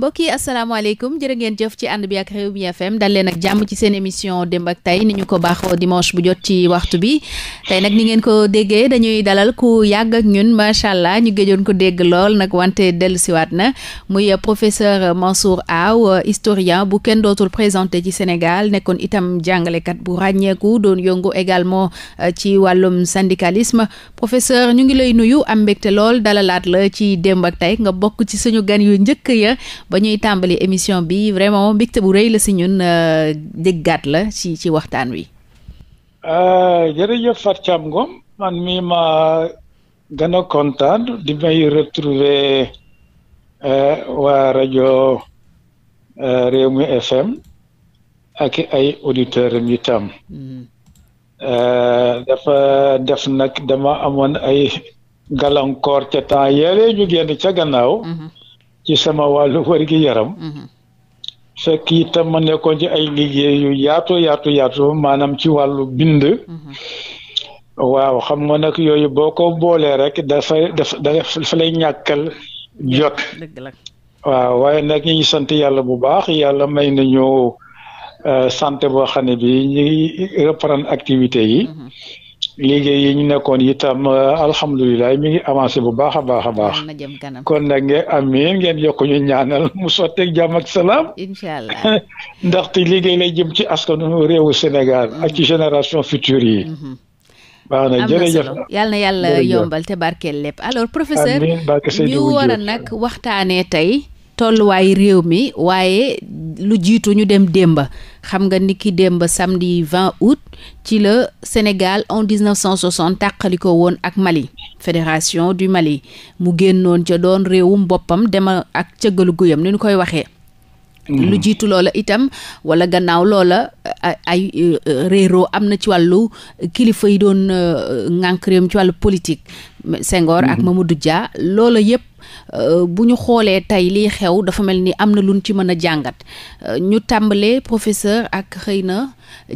mbokk yi asalaamaaleykum jërë ngeen jëf ci ànd bi ak Rewmi FM dal leen ak jàmm ci seen émission démb ak ni ñu ko baaxoo dimanche bu jot ci waxtu bi tey nag ni ngeen ko déggee dañuy dalal ku yàgg ak ñun macha allah ñu géjoon ko dégg lool nag wante dellusiwaat na muy professeur Mansour Aw historien bu kenn dootul présenté ci Sénégal nekkoon itam jàngalekat bu ràññeeku doon yongu également euh, ci wàllum syndicalisme professeur ñu ngi lay nuyu am mbégte lool dalalaat la ci démb ak nga bokk ci suñu gan yu njëkk ya ba ñuy tàmbali émission bi vraiment mbégte bu rëy la si ñun euh, déggaat la ci ci waxtaan wi. Euh, jërëjëf Fatou Thiam Ngom man mii ma gën a kontaan di may retrouver euh, waa rajo Rewmi FM ak ay auditeurs am itam mm-hmm. dafa def nag dama amoon ay gàllankoor ca temps yële ñu génn ca gannaaw. Mm-hmm. ci sama wàllu wér-gi-yaram mhm. fekk itam ma nekkoon ci ay liggéey yu yaatu yaatu yaatu maanaam ci wàllu bind mhm. waaw xam nga nag yooyu boo ko boolee rek dafay daf dafa lay ñàkkal jot waaw waaye nag ñu ngi sant yàlla bu baax yàlla may nañu euh, santé boo xam ne bi ñu reprendre activité yi mhm. liggéey yi ñu nekkoon itam euh, alhamdulilah mi ngi avancé bu baax a baax a baax. kon nag ngeen amiin ngeen yokk ñu ñaanal mu sotteeg jàmm ak salaam. incha allah ndaxte liggéey lay jëm ci askanu réewu Sénégal. Mm-hmm. ak ci génération future yi. Mm-hmm. baax na jërëjëf yal na yàlla yombal te barkeel lépp alors professeur ñu war a nag waxtaanee tey tolluwaay réew mi waaye lu jiitu ñu dem démba xam nga ni ki démba samedi 20 août ci la Sénégal en 1960 tàqaliko woon ak Mali fédération du Mali mu génnoon ca doon réewum boppam dema ak cëggalu guyam ni ñu koy waxee mm-hmm. lu jiitu loola itam wala gannaaw loola ay euh, réeroo am na ci wàllu kilifa yi doon euh, ŋànk réew ci wàllu politique Senghor ak mhm. Mamadou jaa loolo yëpp euh, bu ñu xoolee tey liy xew dafa mel ni am na lu luñ ci mën a jàngat euh, ñu tàmbalee professeur ak xëy na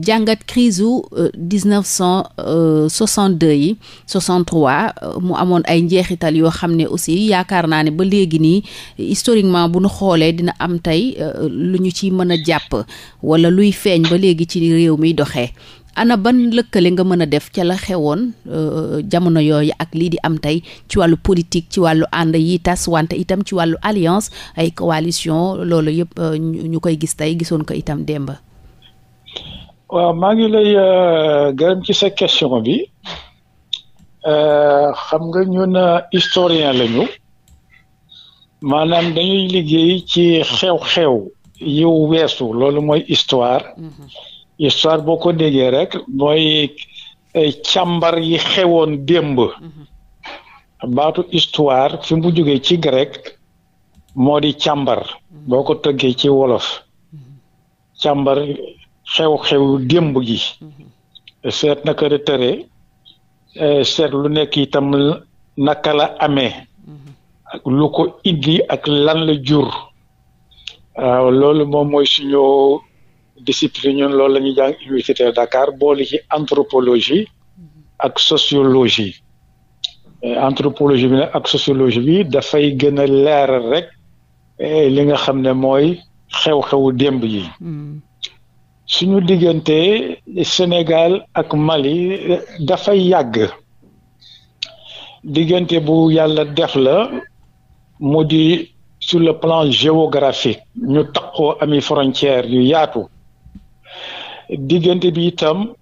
jàngat crise u 1962 euh, yi 63 mu amoon ay njeexital yoo xam ne aussi yaakaar naa ne ba léegi nii historiquement bu ñu xoolee dina am tey lu ñu ci mën a jàpp wala luy feeñ ba léegi ci réew mi doxee ana ban lëkkale nga mën a def ca la xewoon euh, euh, jamono yooyu ak lii di am tey ci wàllu politique ci wàllu ànd yi tas wante itam ci wàllu alliance ay coalition loolu yëpp euh, ñu koy gis tey gisoon ko itam démb. waaw maa ngi lay gërëm ci sa question bi xam nga ñun historien lañu maanaam dañuy liggéey ci xew-xew yu weesu loolu mooy histoire. Mm-hmm. histoire boo ko déggee rek mooy eh, càmbar yi xewoon démb mm-hmm. baatu histoire fi mu jógee ci grec moo di càmbar mm-hmm. boo ko tëggee ci wolof mm-hmm. càmbar xew-xew démb gi seet naka la tëre eh, seet lu nekk itam naka la amee ak lu ko indi ak lan la jur waaw loolu moom mooy suñu discipline ñun loolu la ñuy jàng université Dakar boole ci anthropologie ak sociologie euh, anthropologie bi nag ak sociologie bi dafay gën a leeral rek euh, li nga xam ne mooy xew xew démb yi hmm. suñu diggante Sénégal ak Mali euh, dafay yàgg diggante bu yàlla def la mu di sur le plan géographique ñu taqoo ami frontière yu yaatu diggante bi itam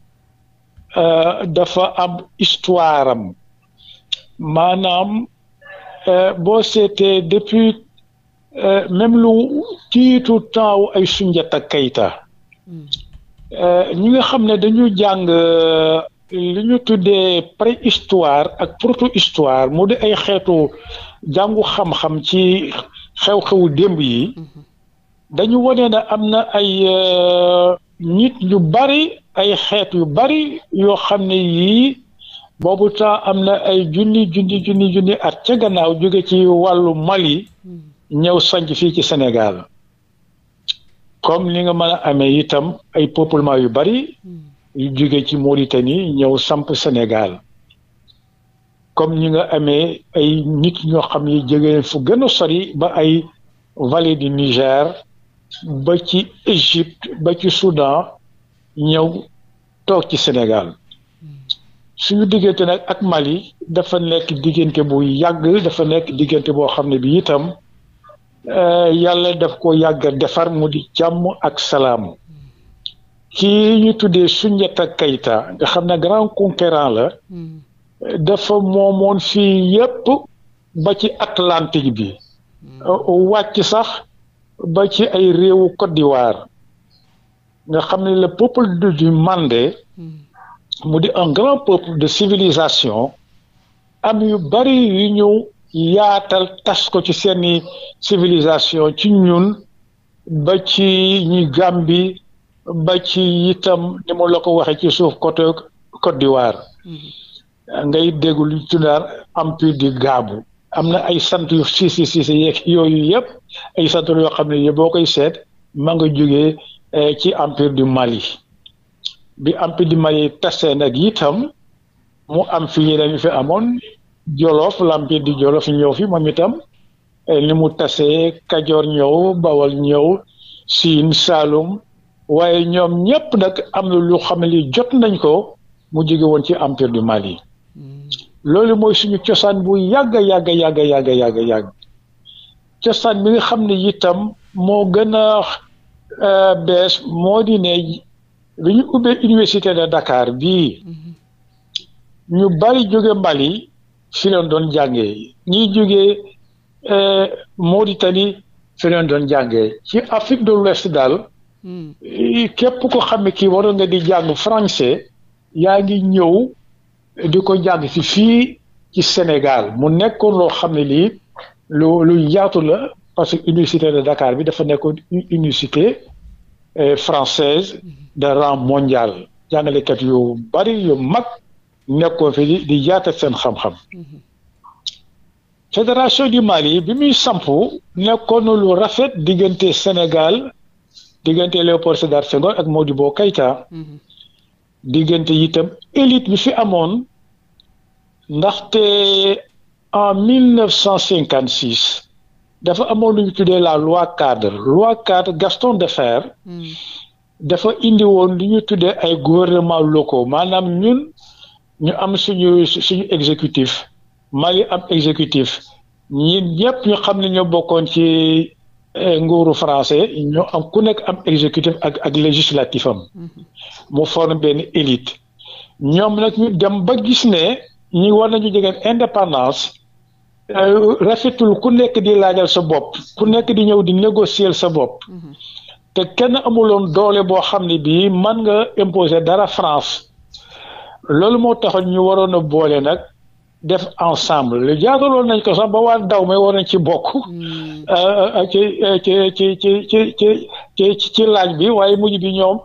euh, dafa am histoire am maanaam euh, boo seetee depuis euh, même lu jiitu temps ay Sunjata Kayta hmm. ñi nga xam ne dañu jàng li ñu tuddee préhistoire ak protohistoire mu di ay xeetu jàngu xam-xam ci xew-xewu démb yi hmm. dañu wone ne am na ay nit yu bari ay xeet yu bari yoo xam ne yii boobu temps am na ay junni junni junni junni at ca gannaaw jóge ci wàllu Mali ñëw sanc fii ci Sénégal comme ni nga mën a amee itam ay populement yu bari yu jóge ci Mauritanie ñëw samp Sénégal comme ñi nga amee ay nit ñoo xam ne jóge fu gën a sori ba ay vallée du Niger ba ci Égypte ba ci Soudan ñëw toog ci Sénégal suñu diggante nag ak Mali dafa nekk diggante bu yàgg dafa nekk diggante boo xam ne bi itam euh, yàlla daf ko yàgg defar mu di jàmm ak salaam kii ñu tuddee Soundiata kayita nga xam ne grand conquérant la dafa moomoon fii yépp ba ci Atlantique bi hmm. wàcc sax ba ci ay réewu Côte d'Ivoire nga xam ne le peuple du du hmm. mu di un grand peuple de civilisation am yu bari yu ñëw yaatal tas ko ci seeni civilisation ci ñun ba ci ñi Gambie ba ci itam ni ma la ko waxee ci suuf côté Côte d'Ivoire hmm. ngay dégg lu ñu tuddee empire du Gabou am na ay sant yu siise siise yeeg yooyu yëpp ay sant yoo xam ne yëpp boo koy seet ma jóge jógee eh, ci empire du Mali bi empire du Mali tasee nag itam mu am fi yeneen yu fi amoon Jolof l'empire du Jolof ñëw fi moom itam eh, ni mu tasee Kajoor ñëw bawal ñëw Siin Saalum waaye ñoom ñëpp nag am na lu xam ne li jot nañ ko mu jóge woon ci empire du Mali. loolu mooy suñu cosaan bu yàgg yàgg yàgg yàgg yàgg yàgg cosaan bi nga xam ne itam moo gën a euh, bees moo di ne bi ñu ubbee université de Dakar bii mm-hmm. ñu bari jóge Mali fi leen doon jàngee ñiy moo di fi leen doon jàngee ci Afrique de l'Ouest daal mm. képp ko xam ne kii waroon nga di jàng français yaa ngi ñëw. di ko jàng si fii ci Sénégal mu nekkoon loo xam ne lii lu lu yaatu la parce que université de Dakar bi dafa nekkoon université euh, française de rang mondial jàngalekat yu bari yu mag nekkoon fi di di seen xam-xam fédération du Mali bi muy sampu nekkoon lu rafet diggante Sénégal diggante Léopold Sédar ak Modibo Keïta. Mm -hmm. diggante yitam élite bi fi amoon ndaxte en 1956 dafa amoon lu ñu tuddee la loi cadre loi cadre Gaston Defferre hmm. dafa indi woon lu ñu tuddee ay gouvernements locaux maanaam ñun ñu am suñu suñu exécutif Mali am exécutif ñi ñëpp ñu xam ne ñoo bokkoon ci Eh, nguuru français ñu am ku nekk am exécutif ak ak législatif am mhm. mu forme benn élite ñoom nag ñu dem ba gis ne ñu war nañu jegeen indépendance euh, rafetul ku nekk di laajal sa bopp ku nekk di ñëw di négocier sa bopp mhm. te kenn amuloon doole boo xam ne bii man nga imposer dara France loolu moo taxoon ñu waroon a boole nag def ensemble jaagaloon nañ ko sax ba waa daw mi war nañ ci bokk hmm. euh, euh, euh, ci ci ci ci ci ci ci laaj bi waaye mujj bi ñoom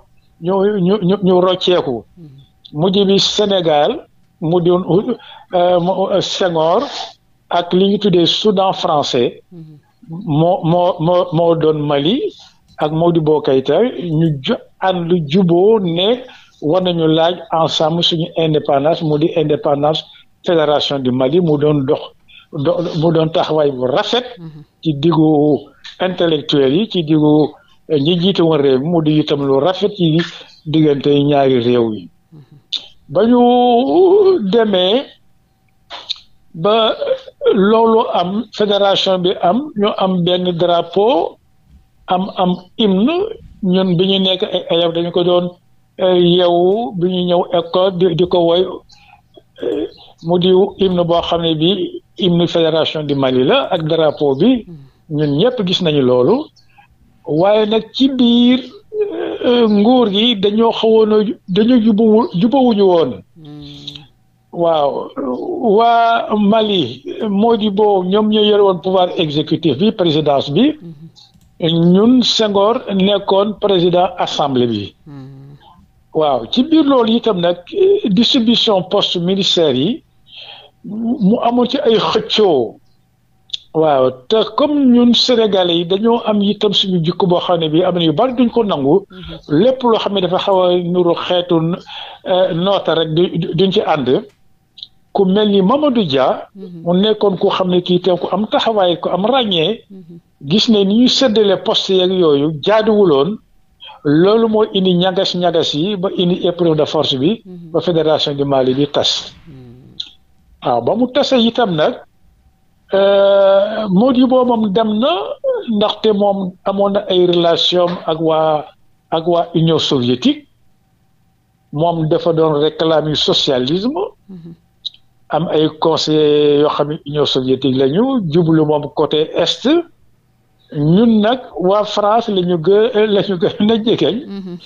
ñu ñu ñu ñu rocceeku hmm. mujj bi Sénégal mu di Senghor ak li ñu tuddee Soudan français moo hmm. moo moo moo doon Mali ak Modibo Keïta ñu ju lu juboo ne war nañu laaj ensemble suñu indépendance moo di indépendance fédération du Mali mu doon dox mu doon taxawaay bu rafet. Mhm. ci diggu intellectuel yi ci diggu eh, ñi jiite woon réew mi mu di itam lu rafet ci diggante ñaari réew yi. Mhm. ba demee ba loolu am fédération bi am ñu am benn drapeau am am hymne ñun bi ñu nekk ay élèves dañu ko doon eh, yeewu bi ñu ñëw école di di ko woy. Eh, mu di hymne boo xam ne bi hymne fédération du Mali la ak drapeau bi ñun ñëpp gis nañu loolu waaye nag ci biir euh, nguur gi dañoo xawoon a dañoo jubawu jubawuñu woon hmm. waaw waa Mali boo ñoom ñoo yore woon pouvoir exécutif bi présidence bi hmm. ñun Senghor nekkoon président assemblée bi hmm. waaw ci biir loolu itam nag euh, distribution post ministère yi mu amoon ci ay xëccoo waaw te comme ñun Sénégalais yi dañoo am itam suñu jikko boo xam ne bii am na yu bari duñ ko nangu mhm. lépp loo xam ne dafa xaw a nuru xeetu euh, noota rek duñ ci ànd ku mel ni Mamadou Dia mhm. mu nekkoon ku xam ne kii itam ko am taxawaay ku am ràññee mhm. gis ne ni ñu séddale poste yeeg yooyu jaaduwuloon loolu moo indi ñagas-ñagas yi ba indi épreuve de force bi ba fédération du Mali bi tas waaw ba mu tase itam nag euh, Modibo moom dem na ndaxte moom amoon na ay relation ak waa ak waa Union soviétique moom dafa doon réclamer socialisme mhm. am ay conseillers yoo xam ne Union soviétique la ñu jublu moom côté est ñun nag waa France lañu ñu gë la ñu gën a jegeñ mhm.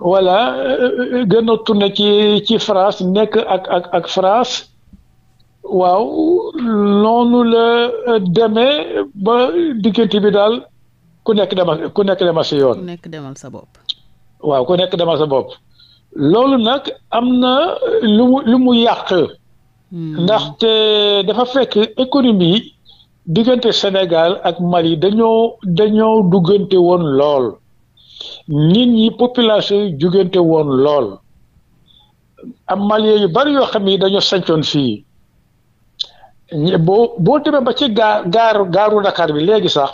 voilà euh, euh, gën ci ci France nekk ak ak ak France waaw noonu la demee ba diggante bi daal ku nekk demal ku nekk demal si yoon. nekk demal sa bopp. waaw ku nekk demal sa bopp. loolu nag am na lu mu lu mu yàq. Hmm. ndaxte dafa fekk économie diggante Sénégal ak yi dañoo dañoo duggante woon lool nit ñi population yi jugante woon lool am Mali yu bari yoo xam ni dañoo sancoon fii. boo boo demee ba ci gaar gaar gaaru Dakar bi léegi sax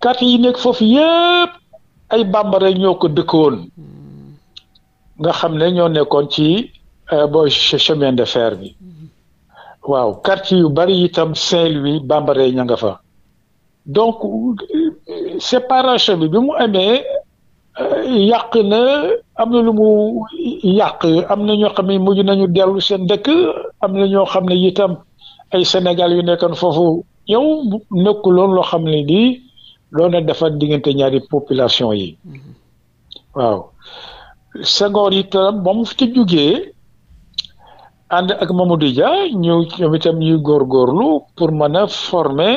quartier yi nekk foofu yëpp ay bambara ñoo ko dëkkoon nga xam ne ñoo nekkoon ci euh, bo chemin de fer bi waaw quartier yu bari itam Saint-Louis bambara ña nga fa donc séparation bi mu amee euh, yàq na am na lu mu yàq am na ñoo xam ne mujj nañu dellu seen dëkk am na ñoo xam ne itam. ay Sénégal yu nekkoon foofu yow nekkuloon loo xam ne lii doon na defar diggante ñaari population yi waaw Senghor itam moom fi ci jugee ànd ak Mamadou Dia ñu ñoom itam ñuy góorgóorlu pour mën a former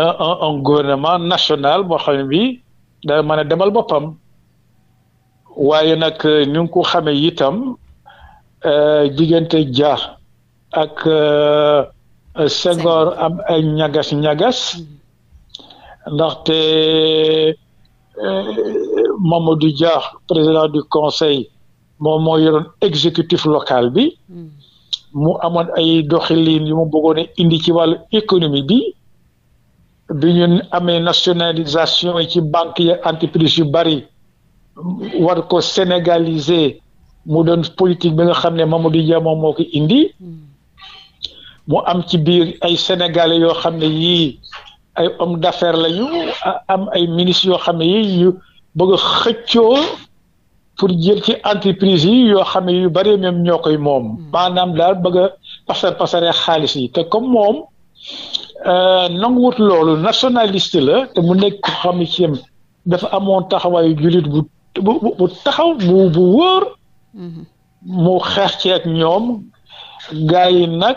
euh, un gouvernement national boo xam ne bi da mën a demal boppam waaye nag ni nga ko xamee itam euh, diggante Dia ak. Euh, Euh, Senghor am ay ñagas-ñagas mm-hmm. ndaxte euh, Mamadou Dia président du conseil moom moo yoroon exécutif local bi mm-hmm. mu amoon ay doxalin yu mu bëggoon indi ci wàllu économie bi bi ñu amee nationalisation yi ci banque yi entreprise yu bari war ko sénégaliser mu doon politique bi nga xam ne Mamadou Dia moom moo ko indi. Mm-hmm. mu am ci biir ay sénégalais yoo xam ne yii ay homme d'affaires lañu am ay ministres yoo xam ne yii yu bëgg xëccoo pour jël ci entreprise yi yoo xam ne yu bari meem ñoo koy moom hmm. maanaam daal bëgga a pasar pasare xaalis yi te comme moom euh, nanguwut loolu nationaliste la te mu nekk ko xam ne ci dafa amoon taxawaayu jullit bu bu taxaw bu bu wóor hmm. mu xeex ci ak ñoom gaa yi nag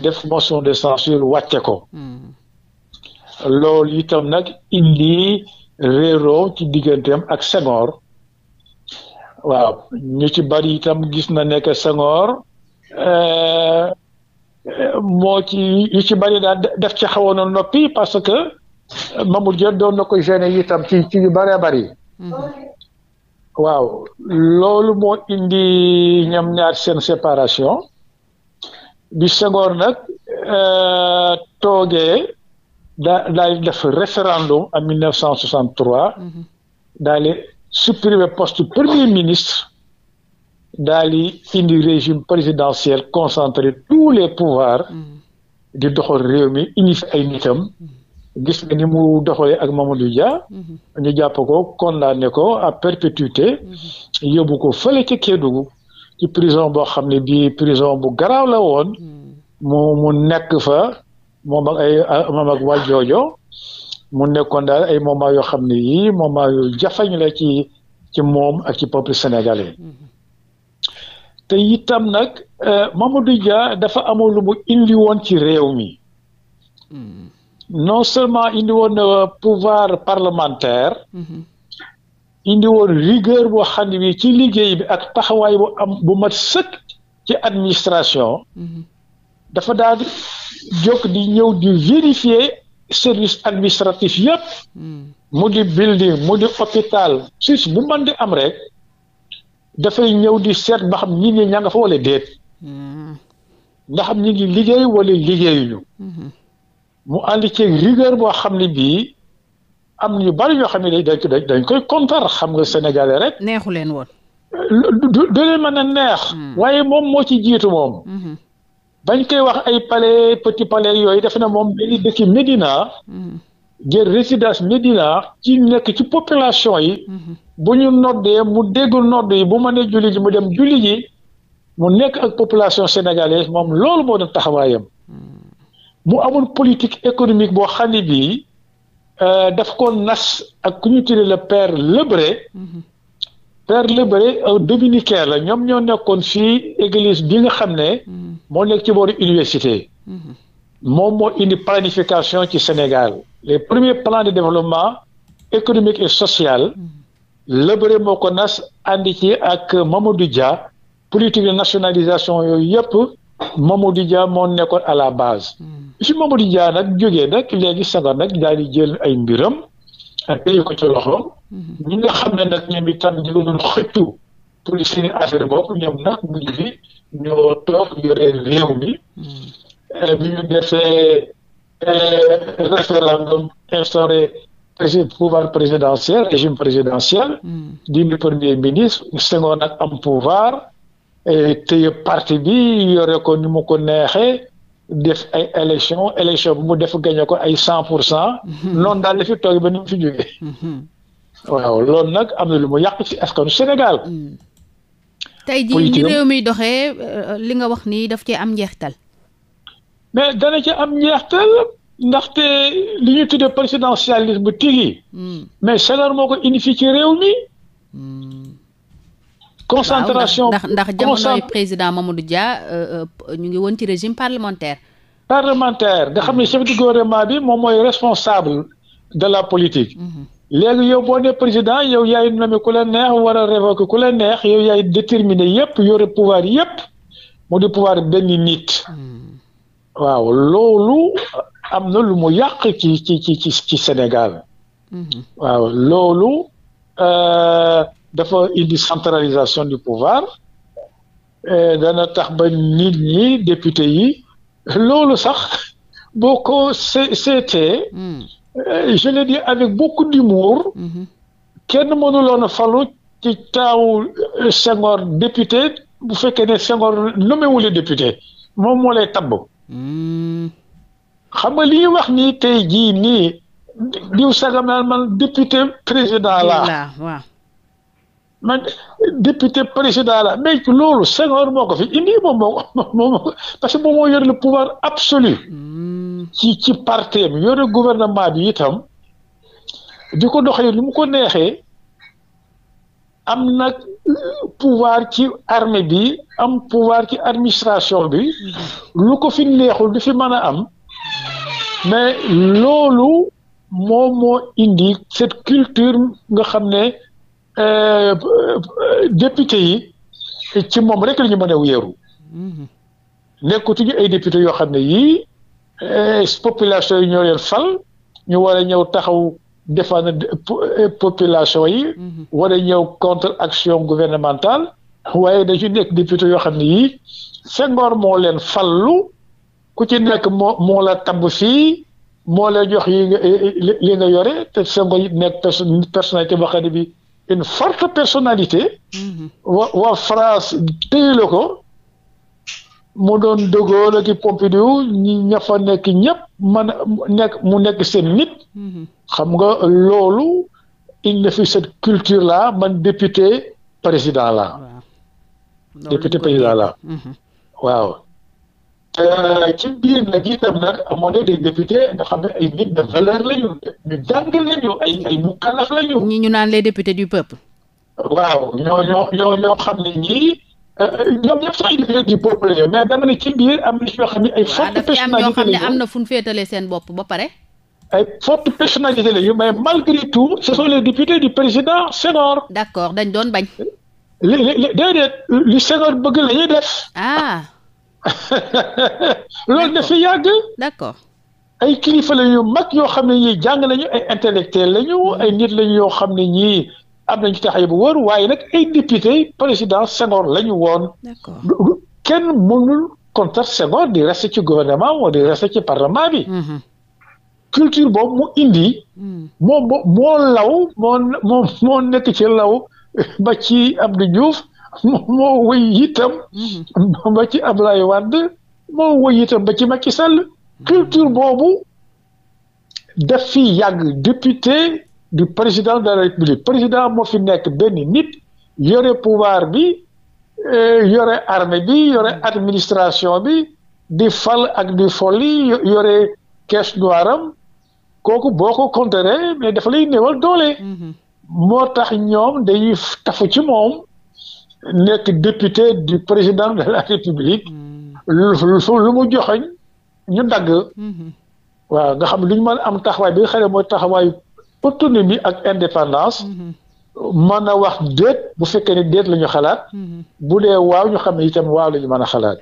def motion de censure wàcce ko hmm. loolu itam nag indi réeroo ci digganteem ak Senghor waaw ñu ci bari itam gis na nekk Senghor euh, moo ci yu ci bari daal def ci xawoon na noppi parce que Mamour Dieng doon na koy gêné itam ci ci yu bëree bari hmm. waaw loolu moo indi ñam ñaar seen séparation bi Senghor nag euh, toogee daa daal def référendum en 1963 mhm. daal di supprimer poste premier ministre daal di indi régime présidentiel concentré tous les pouvoirs mhm. di doxal réew mi unifié ay nitam mhm. gis nga ni mu doxole ak Mamadou Dia ñu jàpp ko condamné ko à perpétuité yóbbu ko fële ca Kédougou ci prison boo xam ne bii prison bu garaaw la woon hmm. mu mu nekk fa moom ak ay moom ak waa joojo mu nekkoon daal ay moment yoo xam ne yii moment yu jafañ la ci ci moom ak ci peuple sénégalais hmm. te itam nag euh, Mamadou Dia dafa amoon lu mu indi woon ci réew mi hmm. non seulement indi woon pouvoir parlementaire. indi woon rigueur boo xam ne bii ci liggéey bi ak taxawaay bu am bu mat sëkk ci administration mm-hmm. dafa daal di jóg di ñëw di vérifier service administratif yëpp mm-hmm. mu di building mu di hôpital sus bu mën di am rek dafay ñëw di seet ba xam ñi ngi ña nga fa wala déet mm-hmm. nga ñi ngi liggéey wala liggéeyuñu mu ànd ci rigueur boo xam ne bii am ñu bari ñoo xam ne dañ dañ koy contar xam nga sénégalais rek. neexu leen woon. du du leen mën a neex. Hmm. waaye moom moo ci jiitu moom. Hmm. bañ koy wax ay palais petit palais yooyu def na moom dañuy dëkk Médina. Hmm. jël résidence Médina ci nekk ci population yi. bu ñu noddee mu dégg nodd yi bu mënee julli ji mu dem julli ji mu nekk ak population sénégalaise moom loolu moo doon taxawaayam. mu amoon politique économique boo xam bii. Euh, daf ko nas ak ku ñu tuddee le père Lebré mhm. père Lebré dominicain la ñoom ñoo nekkoon fii église bi nga xam ne mhm. moo nekk ci booru université mhm. moom moo indi planification ci Sénégal les premiers plan de développement économique et social Lebré moo ko nas àndi ci ak Mamadou Dia politique de nationalisation yooyu yëpp Mamadou di moo nekkoon à la base. si hmm. Mamadou Dia nag jógee nag léegi Senghor nag daal jël ay mbiram. téye ko ci loxoom. Hmm. nga xam ne nag ñoom itam di doon xëccu pour seen affaire bopp ñoom nag mujj fi ñoo toog yore réew mi. Hmm. Eh, bi ñu defee eh, référendum instauré prési pouvoir présidentiel premier ministre Senghor nag am pouvoir. téye parti bi yore ko ni mu ko neexee def ay élection élection bu mu def gañe ko ay cent pour cent mhm. noonu daal la fi toog ba ni mu fi jógee mhm. waaw loolu nag am na lu mu yàq ci askanu Sénégal mm. tey jii ni réew mi doxee euh, li nga wax nii daf ce am njeextal mais dana ci am njeextal ndaxte li ñu tuddee présidentialisme tigi mm. mais Senghor moo ko indi fii ci réew mi mm. concentration ndax ndax jamonoy président Mamadou Dia euh, euh, ñu ngi woon ci régime parlementaire. parlementaire nga xam ne chef du gouvernement bi moom mooy responsable de la politique. Mhm. léegi yow boo nee président yow yaay nommé ku la neex war a révoquer ku la neex yow yaay déterminer yépp yore pouvoir yépp mu di pouvoir benn nit. Mhm. waaw loolu am na lu mu yàq ci ci ci ci Sénégal. Mhm. waaw loolu. Euh, dafa indi centralisation du pouvoir euh, dana tax ba nit ñi député yi loolu sax boo ko seetee hmm. euh, je le dis avec beaucoup d'humour mm-hmm. kenn mënuloon a falu ci taawu euh, Senghor député bu fekkee ne Senghor nommé wule député moom moo lay tabb hmm. xam nga li wax ni tey jii nii diw sagam naan man député président la man député président la mais loolu Senghor moo ko fi indi moom moo moom parce que moom moo yore le pouvoir absolu hmm. ci ci parti am yore gouvernement bi itam di ko doxee lu mu ko neexee am nag pouvoir ci armée bi am pouvoir ci administration bi hmm. lu ko fi neexul du fi mën a am mais loolu moom moo indi cette culture nga xam ne Euh, député yi ci moom rek la ñu mën a wéeru mhm. nekkutuñu ay député yoo xam ne yii eh, population yi ñoo leen fal ñu war a ñëw taxaw défendre eh, population yi mhm. war a ñëw contre action gouvernementale waaye dañu nekk député yoo xam ne yii Senghor moo leen fallu ku ci nekk moo moo la tabb fii moo la jox yi nga eh, li nga yore te Senghor it nekk personnalité boo xam ne bi une forte personnalité. Mhm. wa waa France téyele ko mu doon De Gaulle ak Pompidou ñi nekk ñëpp man mu nekk seen nit. Mhm. xam nga loolu il ne fait cette culture là man député président la député président la mhm. waaw. Euh, ci biir nag itam nag amoon na des députés nga xam ne ay nit de valeur la ñu jàng la ñu ay ay mukallaf ñu. ñi ñu naan les députés du peuple. waaw ñoo ñoo ñoo ñoo xam ne ñii euh, ñoom ñëpp sax ay députés du peuple ay. forte personnalité la xam ne am na fu ñu féetale seen ba pare. ay forte personnalité la ñu mais malgré tout ce sont les députés du président Senghor. d'accord dañ doon bañ. li li déedéet li Senghor bëgg la ñuy ah. loolu dafa yàgg. d'accord ay kilifa la yu mag yoo xam ne ñii jàng nañu ay intellectuel lañu hmm. ay nit lañu yoo xam ne ñii am nañu taxaw bu wóor waaye nag ay député président Senghor lañu woon. d'accord kenn mënul contre Senghor di rester ci gouvernement wala di rester ci parlement bi. Hmm, hmm. culture boobu mu indi. moo law moo moo nekk ci law ba ci Abdou Diouf. moo wëy itam mm-hmm. ba ci Ablaye Wade moo wëy itam ba ci Macky Sall mm-hmm. culture boobu daf fi yàgg député du président de la république président moo fi nekk benn nit yore pouvoir bi euh, yore armée bi yore mm-hmm. administration bi di fal ak di folli yore caisse noire kooku boo ko contéré mais dafa lay néewal doole moo tax ñoom dañuy tafu ci moom nekk député du président de la république lu mu joxoñ ñu dagg waaw nga xam lu ñu mën am taxawaay bi nga xam ne mooy taxawaayu autonomie ak indépendance mën a wax déet bu fekkee ne déet lañu xalaat bu dee waaw ñu xam ne itam waaw la ñu mën a xalaat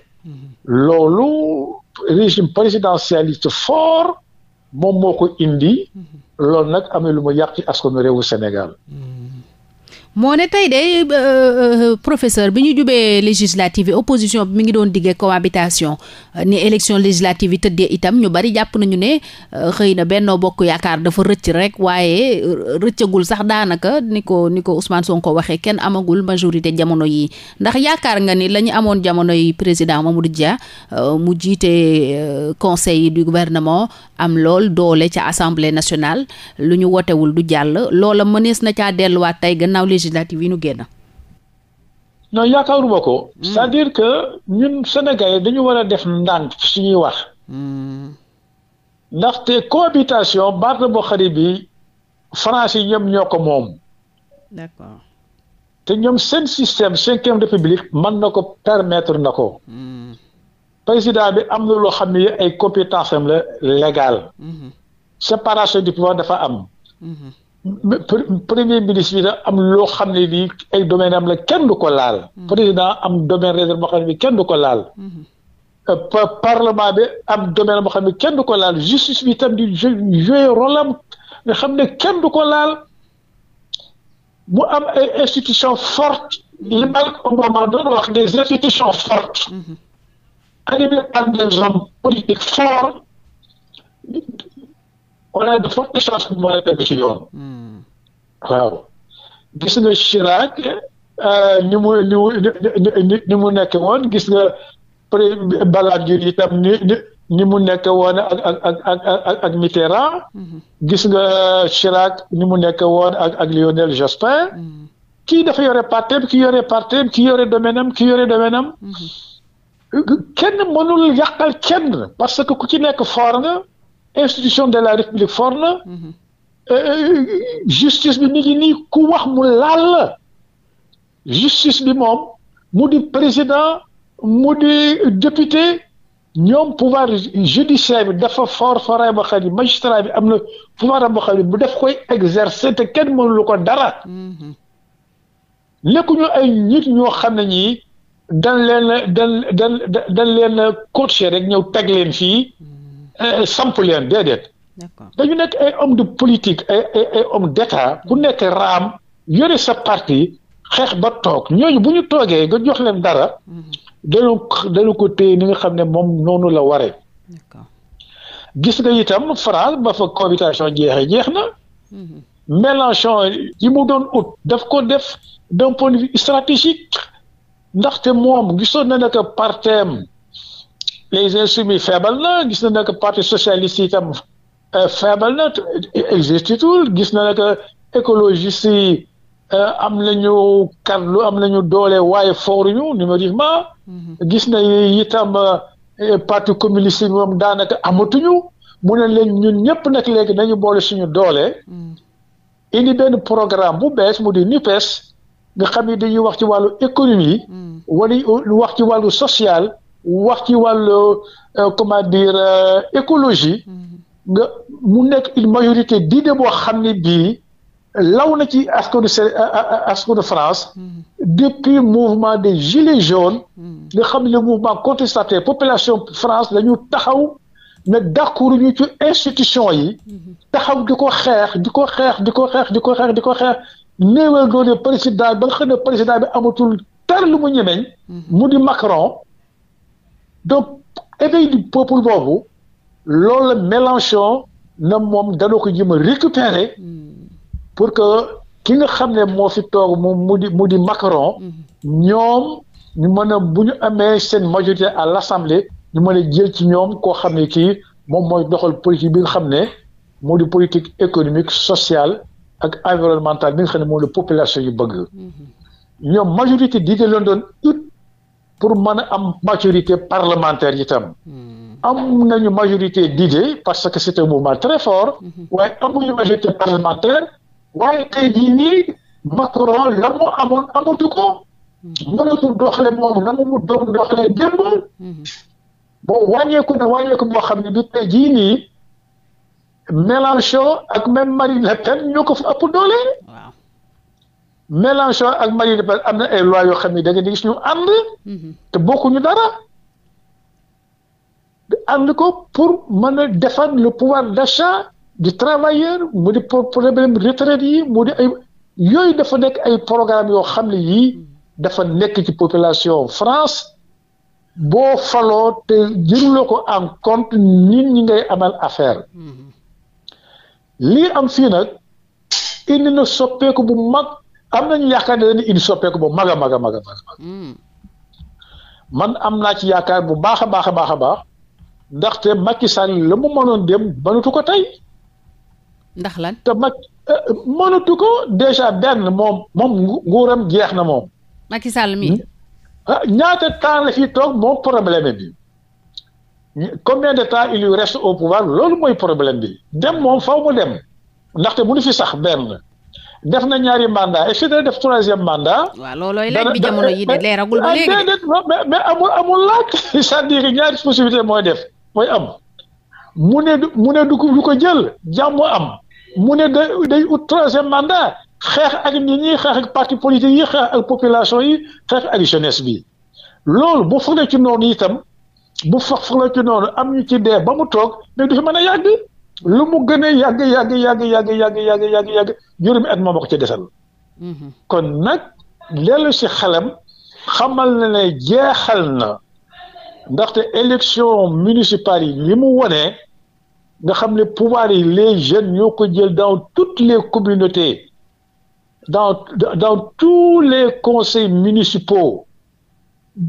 loolu régime présidentialiste fort moom moo ko indi loolu nag amee lu mu yàq ci askanu réewu Sénégal moo ne tey de euh, euh, euh, professeur bi ñu jubee législative yi opposition bi mi ngi doon diggee cohabitation ni élection législative yi tëddee itam ñu bari jàpp nañu ne xëy na Benno Bokk Yaakaar dafa rëcc rek waaye rëccagul sax daanaka ni ko ni ko Ousmane ko waxee kenn amagul majorité jamono yi ndax yaakaar nga ni lañu amoon jamono yi président Mamadou Dia mu jiite conseil du gouvernement am lool doole ca assemblée nationale lu ñu wotewul du jàll loola mënees na caa delluwaat tey gannaaw législative yi ñu génn. non yaakaaruma ko. Hmm. c'est-à-dire que ñun Sénégalais dañu war a def ndànk suñuy wax. Hmm. ndaxte cohabitation baat la boo xarit bi France yi ñoom ñoo ko moom. d'accord te ñoom seen système cinquième république mën na ko permettre na ko. Hmm. président bi am na loo xam ne ay compétence am la légal. séparation du pouvoir dafa am. premier ministre bi am loo xam ne lii ay domaine am la kenn du ko laal. Hmm. président am domaine réserve boo kenn du ko laal. Hmm. Euh, parlement bi am domaine boo xam ne kenn du ko laal justice bi tam di jouer rôle am xam ne kenn du ko laal mu am ay institutions fortes hmm. li Malcolm Obama wax des institutions fortes. animées par des on a de fortes chances pour mën a teg ci yoon. waaw gis nga Chirac ah, ni mu ni mu ni mu nekk woon gis nga pré Balladur itam ni ni mu nekk woon ak ak ak ak ak Mitterrand. Hmm. gis nga Chirac ni mu nekk woon ak ak Lionel Jospin. Hmm. kii dafa yore parteem ki yore parteem ki yore domaine am ki yore domaine am. Hmm. kenn mënul yàqal kenn parce que ku ci nekk fort nga. institution de la république for na mhm. euh, euh, justice bi mi ngi ku wax mu laal la justice bi moom mu di président mu di député ñoom pouvoir judiciaire bi dafa fort foray boo xam ne magistrat bi am na pouvoir boo xam ne def koy exercer te kenn mënulu ko dara mhm. nekkuñu ay nit ñoo xam ne ñii dañ leen dan dan dañ leen coacher rek ñëw teg leen Eh, samp leen déedéet. dañu nekk ay homme de politique ay ay ay d'état ku nekk raam yore sa parti xeex ba toog ñooñu bu ñu toogee nga jox leen dara. Mhm. dana ko téye ni nga xam ne moom noonu la waree. gis nga itam France ba fa cohabitation jeexee jeex na. Mhm. Mélenchon yi mu doon ut daf ko def d'un point de vue stratégique ndaxte moom gisoon na ne que parteem les insoumis feebal na gis na ne que parti socialiste yi tam euh, feebal na existe gis na ne que écologiste euh, am nañu kaddu am nañu doole waaye fooruñu numériquement mhm. gis na itam euh, parti communiste yi moom daanaka amatuñu mu ne leen ñun ñëpp nag léegi nañu boole suñu doole mhm. indi programme bu bees mu di NUPES nga xam ni dañuy wax ci wàllu économie mhm. wala wax ci wàllu sociale wax ci wàllu euh, comment dire euh, écologie mm-hmm. nga mu nekk une majorité d'idées boo xam ne bii law na ci askanu askanu France mm-hmm. depuis mouvement des gilets jaunes mm-hmm. nga xam ne mouvement contestataire population France la ñu taxaw ne d'accord ñu ci institution yi taxaw di ko xeex di ko xeex di ko xeex di ko xeex di ko xeex néewal doole président ba nga xam ne bi amatul tar lu mu ñemeñ mu di Macron donc éveil du peuple boobu loolu la Mélenchon na moom dana ko jëm a hmm. pour que ki nga xam ne moo fi toog mu mu di mu di Macron hmm. ñoom ñu mën a bu ñu amee seen majorité à l'Assemblée ñu mën a jël ci ñoom koo xam ne kii moom mooy doxal politique bi nga xam ne moo di politique économique sociale ak environnementale bi nga xam ne moom la population yu bëgg hmm. ñoom majorité di nga pour mën a am majorité parlementaire itam hmm. am nañu majorité d'idées parce que c'est un mouvement très fort waaye hmm. amuñu majorité parlementaire waaye tey jii nii Macron la mu amoon amatu ko hmm. mënatul doxale moom mu doon doxale démb bon wàññeeku na wàññeeku moo xam ne bi tey jii nii ak même Marine Le Pen ñoo ko fa ëpp doole. Mélenchon ak Marine am na ay loi yoo xam ne da ngeen di gis mhm. te bokkuñu dara. ànd ko pour mën a défendre le pouvoir d'achat du travailleur mu di problème retraite yi mu di ay yooyu dafa nekk ay programme yoo xam ne yii dafa nekk ci population France boo faloo te jëluloo ko en compte nit ñi ngay amal affaire mhm. lii am fii indi na soppeeku bu mag. am nañu yaakaar ne dañuy indi soppeeku bu mag a mag a mag a mag hmm. man am naa ci yaakaar bu baax a baax a baax a baax ndaxte Macky Sall la mu mënoon dem mënatu ko tey. ndax lan te mag euh, mënatu ko déjà benn moom moom nguuram jeex na moom. Macky Sall mi hmm? ah, ñaata temps la fi toog moom problème bi combien de temps il lui au pouvoir loolu mooy problème bi dem moom faw mu dem ndaxte mënu fi sax benn. def na ñaari mandat est def troisième mandat. waaw loolooy laaj bi jamono yi de leeragul mais mais amul amul laaj c'est-à-dire ñaari possibilité mooy def mooy am mu ne du mu ne du ko ko jël jàmm am mu ne day day ut troisième mandat xeex ak nit ñi xeex ak parti politique yi xeex ak population yi xeex ak jeunesse bi loolu bu fële ci noonu itam bu fax fële ci noonu am ñu ci dee ba mu toog mais du fi mën a yàgg. lu mu gën a yàgg yàgg yàgg yàgg yàgg yàgg yàgg yàgg juróomi at moom ko ci desal mm-hmm. kon nag dellu si xelam xamal na ne jeexal na ndaxte élection municipale yi li mu wone nga xam ne pouvoir yi les jeunes ñoo ko jël dans toutes les communautés dans dans tous les conseils municipaux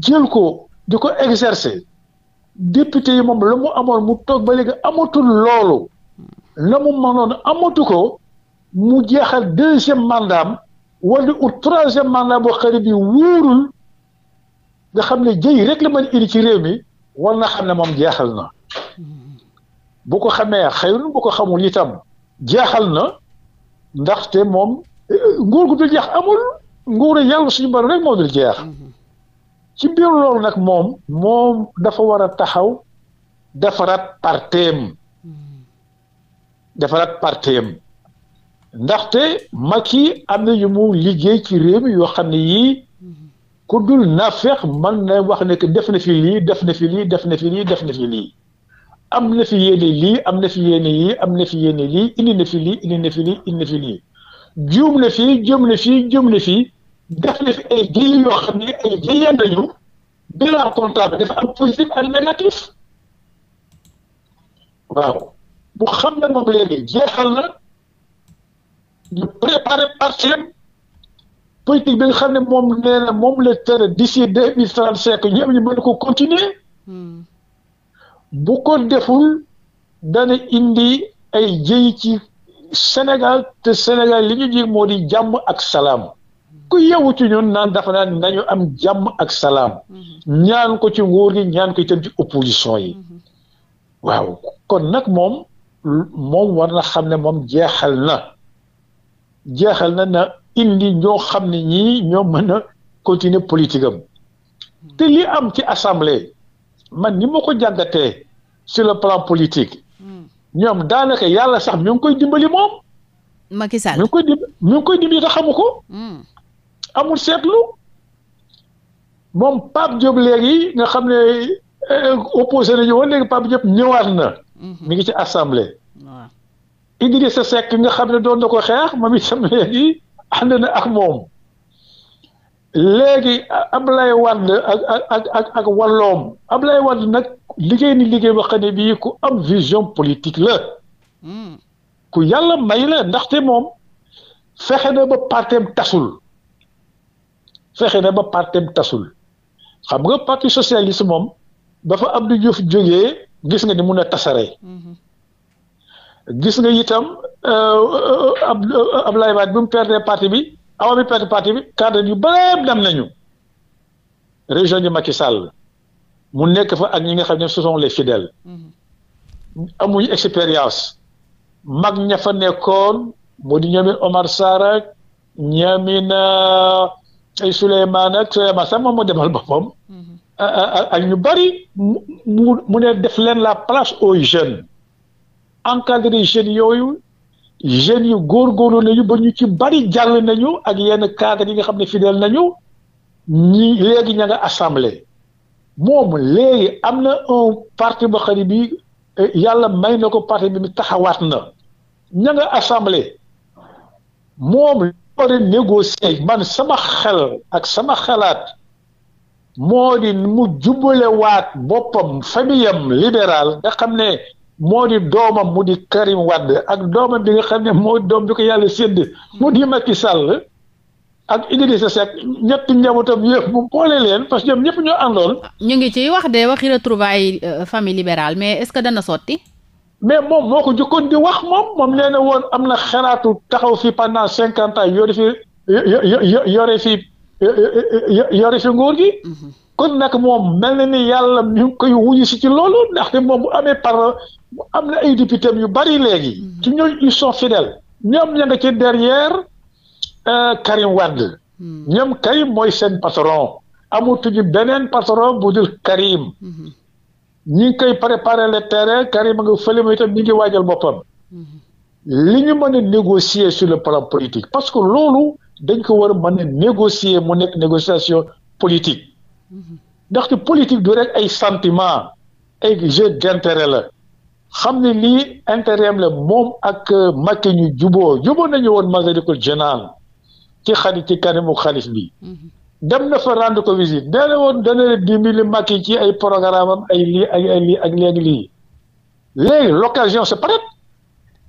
jël ko di ko exercer député yi moom la mu amoon mu toog ba léegi amatul loolu la mu mënoon amatu ko mu jeexal deuxième mandaam wala ut troisième mandat boo xam ne bi wóorul nga xam ne jëy rek la mën indi ci réew mi na xam ne moom jeexal na bu ko xamee xayrun bu ko xamul itam jeexal na ndaxte moom eh, nguur gu du jeex amul nguur yàlla suñu borom rek moo dul jeex ci biir loolu nag moom moom dafa war a taxaw defaraat parteem defaraat parti am ndaxte Macky am na yu mu liggéey ci réew yoo xam ne yii ku dul naafeex man na wax ne que def na fi lii def na fi lii def na fi lii def na fi lii am na fi yéene lii am na yéene am na fi yéene lii indi na fi lii indi na fi lii indi na fi lii juum na fii juum na fii na def na fi ay géej yoo xam ne ay géej nañu bilan comptable dafa am positif ak waaw. bu xam ne moom léegi jeexal na ñu préparé partiel politique bi nga xam ne moom nee na moom la tere d'ici deux mille trente cinq ñoom ñu mën ko continuer hmm. bu ko deful dana indi ay jëy ci Sénégal te Sénégal li ñu ji moo di jàmm ak salaam ku yewu ci ñun naan dafa naan nañu am jàmm ak salaam hmm. ñaan ko ci nguur gi ñaan ko itam ci opposition yi hmm. waaw kon nag moom moom war na xam ne moom jeexal na jeexal na na indi ñoo xam ne ñii ñoo mën a continuer politique am te li am ci assemblée man ni ma ko jàngatee sur le plan politique ñoom daanaka yàlla sax mi ngi koy dimbali moom. Macky Sall mi ngi koy dim mi ngi dimbali te xamu ko. Hmm. amul seetlu moom Pape Diop léegi nga xam ne euh, opposé nañu woon léegi Pape Diop ñëwaat na. Mhm. mi ngi ci assemblée. waaw Idrissa Seck nga xam ne doon na ko xeex moom itam léegi ànd na ak moom léegi Ablaye Wade ak ak ak ak wàlloom Ablaye Wade nag liggéey ni liggéey ba xam ne bii ku am vision politique la. Hmm. ku yàlla may la ndaxte moom fexe na ba partem tasul fexe ne ba partem tasul xam nga parti socialiste moom ba fa Abdou Diouf jógee. gis nga ni mun a tasaree gis nga itam euh, ab euh, Abdoulaye bi mu perdee parti bi awa bi perdee parti bi cadre yu bëreeb dem nañu région de Macky Sall mu nekk fa ak ñi nga xam ne ce sont les fidèles amuñu expérience mag ña fa nekkoon di ñoomin Omar Sarr ak ñoomin euh, Souleymane sax moom moo demal boppam ak ñu bari mu mu ne def leen la place aux jeunes encadré jeunes yooyu jeunes yu góor góorgóorlu nañu ba ñu ci bari jàll nañu ak yenn cadre yi nga xam ne fidèle nañu ñi léegi ña nga assemblée moom léegi am na un parti ba xarit bi yàlla may na ko parti bi mu taxawaat na ñanga nga assemblée moom war a négocier man sama xel ak sama xalaat moo di mu waat boppam yam libéral nga xam ne moo di doomam mu di Karim Wade ak doomam bi nga xam ne moo doom bi ko yàlla sédd mu di Macky Sall ak Idrissa Seck ñett njabootam yëpp mu boole leen parce que ñoom ñëpp ñoo àndoon. ñu ngi ciy wax de waxi retrouvailles euh, famille libérale mais est-ce que dana sotti. mais moom moo ko jëkkoon di wax moom moom nee na woon am na xalaatu taxaw fi pendant cinquante ans yore fi yore fi. yore si nguur gi. Mhm. kon nag moom mel na ni yàlla ñu ngi koy wuyu ci loolu ndaxte moom bu amee par am na ay député yu bari léegi. Mhm. ci ñooñu ils sont fidèles. ñoom ña nga ci derrière euh, Karim Wade. Mhm. ñoom Karim mooy seen patron. amatuñu beneen patron bu dul Karim. ñi ngi koy préparer le terrain Karim nga fële mu itam ñu ngi waajal boppam. li ñu mën a négocier sur le plan politique parce que loolu. dañ ko war a ne a négocier mu nekk négociation politique ndaxte politique du rek ay sentiment ay jeu d'intérêt la xam ne lii intérêt am la moom ak euh, Macky ñu juboo juboo nañu woon Massalikul Jinaan ci xarit ci kanamu xalif bi dem na fa rendre ko visite nee na woon dana dimbali Macky ci ay programme am ay lii ay lii ak léegi lii léegi l'occasion c'est peut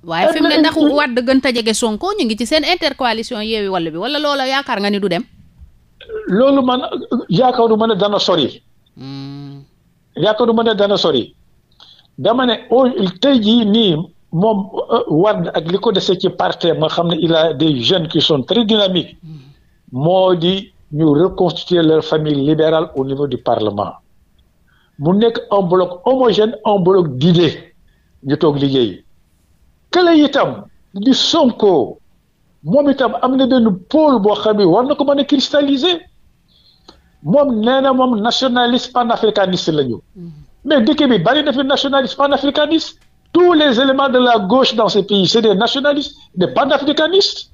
waaye fi mu ne ndax Wade gën a jege Sonko ñu ngi ci seen intercoalition Yewwi Wallu bi wala loola yaakaar nga ni du dem. loolu man yaakaaruma ne dana sori. mën hmm. a dana sori. dama ne au oh, jii nii moom euh, Wade ak li ko dese ci parti ma xam ne il a des jeunes qui sont très dynamiques. Hmm. moo di ñu reconstituer leur famille libérale au niveau du parlement. mu nekk un bloc homogène un bloc ñu toog liggéey. kële itam di Sonko moom itam am na benn pôle boo xam ne war na ko mën a cristalliser moom ne na moom nationaliste panafricaniste la ñu mhm. mais dëkk bi bari na fi nationaliste panafricaniste tous les éléments de la gauche dans ce pays c'est des nationalistes des panafricanistes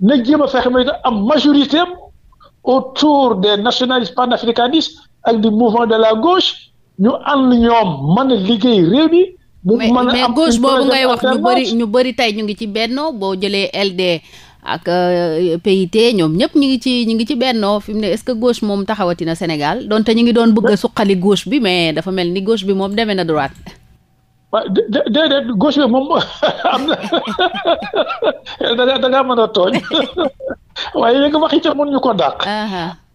na jéem a fexe ba am majorité am autour des nationalistes panafricanistes ak du mouvement de la gauche ñu ànd ñoom ma a liggéey réew mi bu mën mais gauche boobu ngay wax ñu bëri ñu bëri tey ñu ngi ci bennoo boo jëlee LD ak euh, PIT ñoom ñëpp ñu ngi ci ñu ngi ci bennoo fi mu ne est-ce que gauche moom taxawatina Sénégal donte ñu ngi doon bëgg suqali gauche bi mais dafa mel ni gauche bi moom demee na droite. waaw déedéet gauche bi moom am na mën a tooñ waaye léegi wax yi ca ñu ko dàq.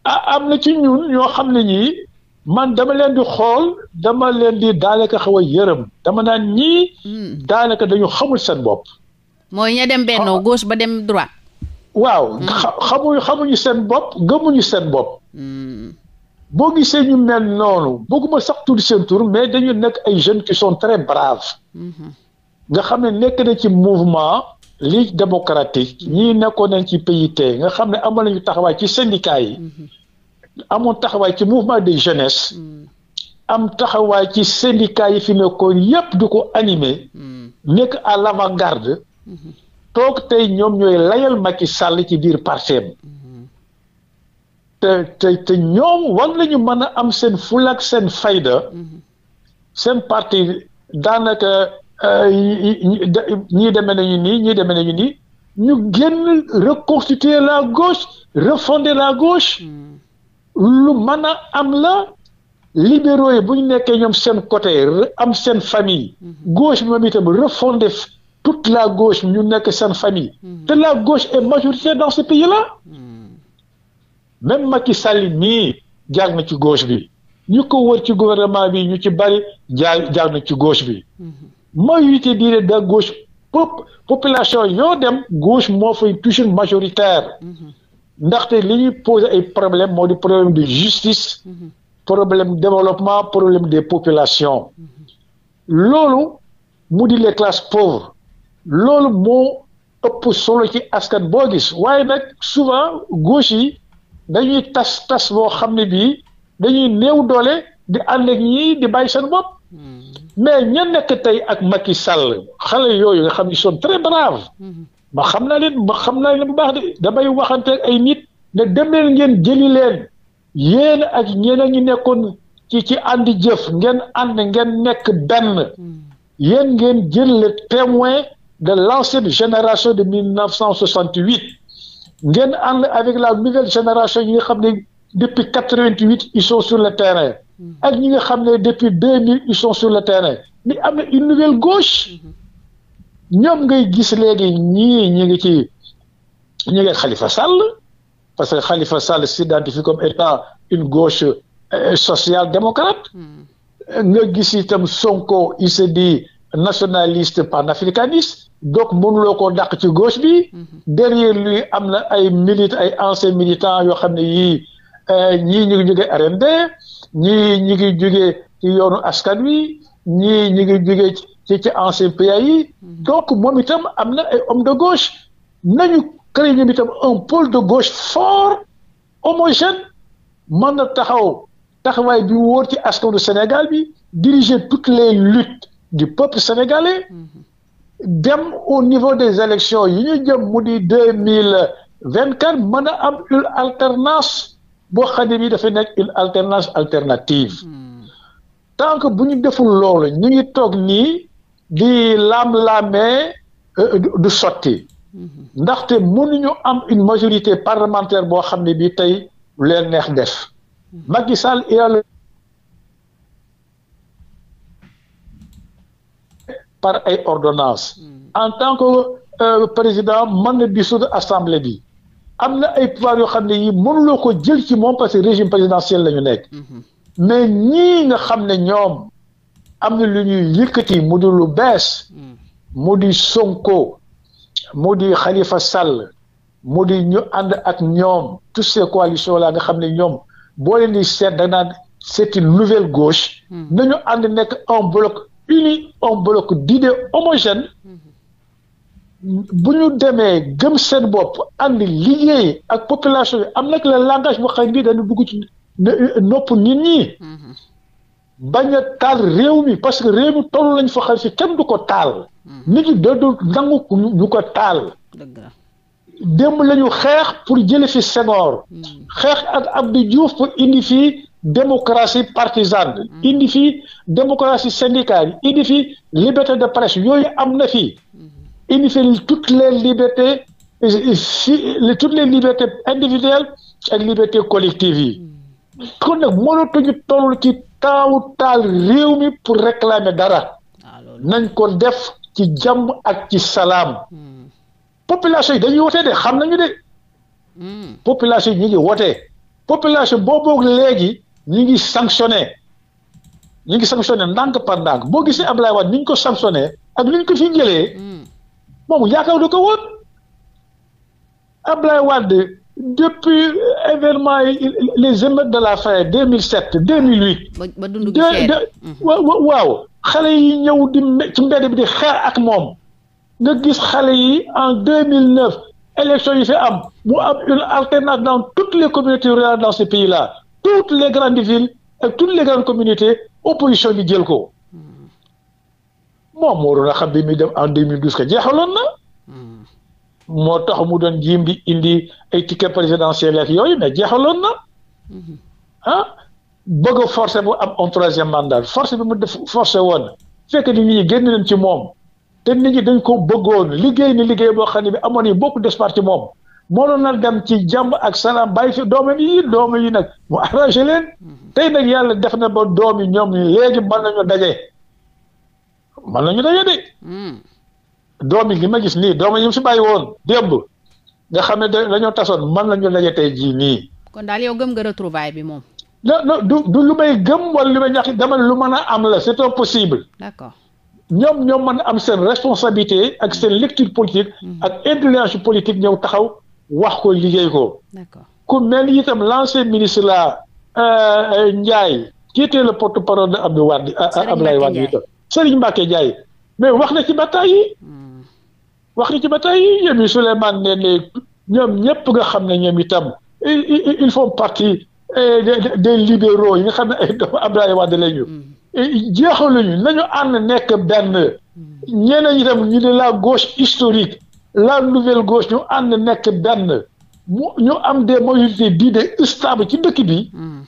Ah, am na ci ñun ñoo xam ne ñii. man dama leen di xool dama leen di daanaka xaw a yërëm dama naan ñii. Hmm. daanaka dañu xamul seen bopp. mooy ña dem benn ah. gauche ba dem droite. waaw hmm. xamuñu xamuñu seen bopp gëmuñu seen bopp. Hmm. boo gisee ñu mel noonu bëgguma sax di seen tur mais dañu nekk ay jeunes qui sont très braves. nga xam ne nekk na ci mouvement ligue démocratique ñii nekkoon nañ ci PIT nga xam ne amoon nañu taxawaay ci syndicat yi. amoon taxawaay ci mouvement de jeunesse mm. am taxawaay ci syndicat yi fi nekkoon yépp di ko anime mm. nekk à l'avant-garde mm-hmm. toog tey ñoom ñooy layal Macky Sall ci biir parteem mm-hmm. te te te ñoom war lañu mën a am seen fulak seen fayda mm-hmm. seen parti daanaka euh, ñii demee nañu nii ñii demee nañu nii ñu génn reconstituer la gauche refonder la gauche. Mm. lu mën a am la libéraux yi bu ñu nekkee ñoom seen côté am seen famille mhm. gauche bi moom itam refondé toute la gauche ñu nekk seen famille mhm. te la gauche est majoritaire dans ce pays la mhm. même Macky Sall mii jaar na ci gauche bi ñu ko wër ci gouvernement bi ñu ci bari jaar jaar na ci gauche bi majorité diine da gauche pop population yoo dem gauche moo fay toujours majoritaire ndaxte li ñuy posé ay problème moo di problème de justice mhm. problème développement problème des populations loolu mu di les classes pauvres loolu moo ëpp solo ci askan boo gis waaye nag souvent gauche yi dañuy tas tas boo xam ne bii dañuy néew doole di ànd ak ñii di bàyyi seen bopp mhm. mais ña nekk tey ak Macky Sall xale yooyu nga xam ne ils sont très ma xam naa leen ma xam naa leen bu baax de damay waxante ay nit ne dem ngeen jëli leen yéen ak ñeneen ñi nekkoon ci ci àndi jëf ngeen ànd ngeen nekk benn hmm. yéen ngeen jël le témoin de l'ancienne génération de 1968 ngeen ànd avec la nouvelle génération yi nga xam ne depuis 88 ils sont sur le terrain hmm. ak ñi nga xam ne depuis 2000 ils sont sur le terrain mais am na une nouvelle gauche. Hmm. ñoom ngay gis léegi ñii ñu ngi ci ñu ngi xalifa Sall parce que Khalifa Sall s'identifie comme état une gauche euh, sociale démocrate hmm. nga gis itam Sonko il se dit nationaliste panafricaniste donc mënuloo koo dàq ci gauche bi hmm. derrière lui am na ay milite ay anciens militants yoo xam ne yii euh, ñii ñu ngi jóge RND ñii ñu ngi jóge ci yoonu askan wi ñii ñu ngi jóge ci ci en PAI yi mhm. donc moom itam am na ay homme de gauche nañu créé ñoom itam un pôle de gauche fort homogène man na taxaw taxawaay bi wóor ci askanu Sénégal bi diriger toutes les luttes du peuple sénégalais mhm. dem au niveau des élections yi ñu jëm mu di deux mille vingt quatre mën a am une alternance boo xam ne bi dafay nekk une alternance alternative mhm. tant que bu ñu deful lool ñu ngi toog nii di lam-lamee euh, euh, du sotti mhm. ndaxte mënuñu am une majorité parlementaire boo xam ne bi tey leen neex def mhm. Macky Sall par ay ordonnance mhm. en tant que euh, président mën na dissoudre assemblée bi am na ay pouvoir yoo xam ne yi mënuloo ko jël ci moom parce que régime présidentiel la ñu nekk mais ñii nga xam ne ñoom am na lu ñuy yëkkati mu di lu bees hmm. mu di Sonko mu di Khalifa sàll mu di ñu ànd ak ñoom toutes ces coalitions là nga xam ne ñoom boo leen di seet da naan nouvelle gauche hmm. nañu ànd nekk un bloc uni un bloc d'idées homogène bu ñu demee gëm seen bopp ànd liggéey ak population yi am nag le langage boo xam ne bii dañu bugg nopp nit ñi hmm. bañ a taal réew mi parce que réew mi toll lañ fa xam si kenn du ko taal. Hmm. nit ñi dootul nangu ñu ko taal. démb la xeex pour jële fi Senghor. Hmm. xeex ak Abdou Diouf pour indi fii démocratie partisane. Hmm. indi fii démocratie syndicale indi fii liberté de presse yooyu am na fi indi fii toutes les libertés toutes les individuelles ak liberté collectives yi. kon nag mënatuñu toll ci. taaw taal réew mi pour réclamer dara ah, nañ ko def ci jàmm ak ci salaam hmm. population yi dañuy wotee de xam nañu de hmm. population yi ñu ngi wotee population boobu léegi ñu ngi sanctionné ñu ngi sanctionné ndànk par ndànk boo gisee Ablaye Wade ni ko sanctionné ak ni ñu ko fi jëlee hmm. moom yaakaar du ko woon Ablaye Wade depuis événement yi les émeutes de la faim 2007 2008. ba ba dundu mhm. waaw xale yi ñëw di ci mbedd bi di xeer ak moom nga gis xale yi en 2009 élection yi fi am mu am une alternance dans toutes les communautés rurales dans ce pays là toutes les grandes villes et toutes les grandes communautés opposition bi jël ko mhm. moom moo doon xam bi muy dem en 2012 que jeexaloon na. moo tax mu doon jiim bi indi ay ticket présidentiel ak yooyu mais jeexaloon na mhm. ah bëgg a forcé bu am un troisième mandat force bi mu def forcé woon fekk nit ñi génn nañ ci moom te nit ñi dañ ko bëggoon liggéey ni liggéey boo xam ne bi amoon yi beaucoup d'espoir ci moom moo doon na dem ci jàmb ak salaam bàyyi fi doomam yi doom yi nag mu arrangé leen mhm. tey nag yàlla def na ba doom yi ñoom léegi mën nañu daje mën nañu daje de mhm. doom yi li ma gis nii doom yi ñu si bàyyi woon démb nga xam ne dañoo tasoon man la ñu laje jii nii. kon daal yow gëm nga retrouvaille bi moom. non du du lu may gëm wala lu may ñàkk dama lu mën a am la c'est possible d'accord ñoom ñoom mën a am seen responsabilité ak seen lecture politique. Hmm. ak indulgence politique ñëw taxaw wax ko liggéey ko. d'accord ku mel ni itam l'ancien ministre la euh, euh, Ndiaye qui était le porte-parole de Abdou Wade euh, Abdoulaye Wade am Serigne Mbacké na ci bataay yi. Hmm. wax na ci ba tey yéen Souleymane ne ne ñoom ñëpp nga xam ne ñoom itam ils font partie eh, des libéraux yi nga xam ne ay doomu Abdoulaye Wade lañu mm. eh, jeexaluñu nañu ànd nekk benn mm. ñeneen ñi itam ñu ne la gauche historique la nouvelle gauche ñu ànd nekk benn mu ñu am des majorités d'idées stables ci dëkk bi mm.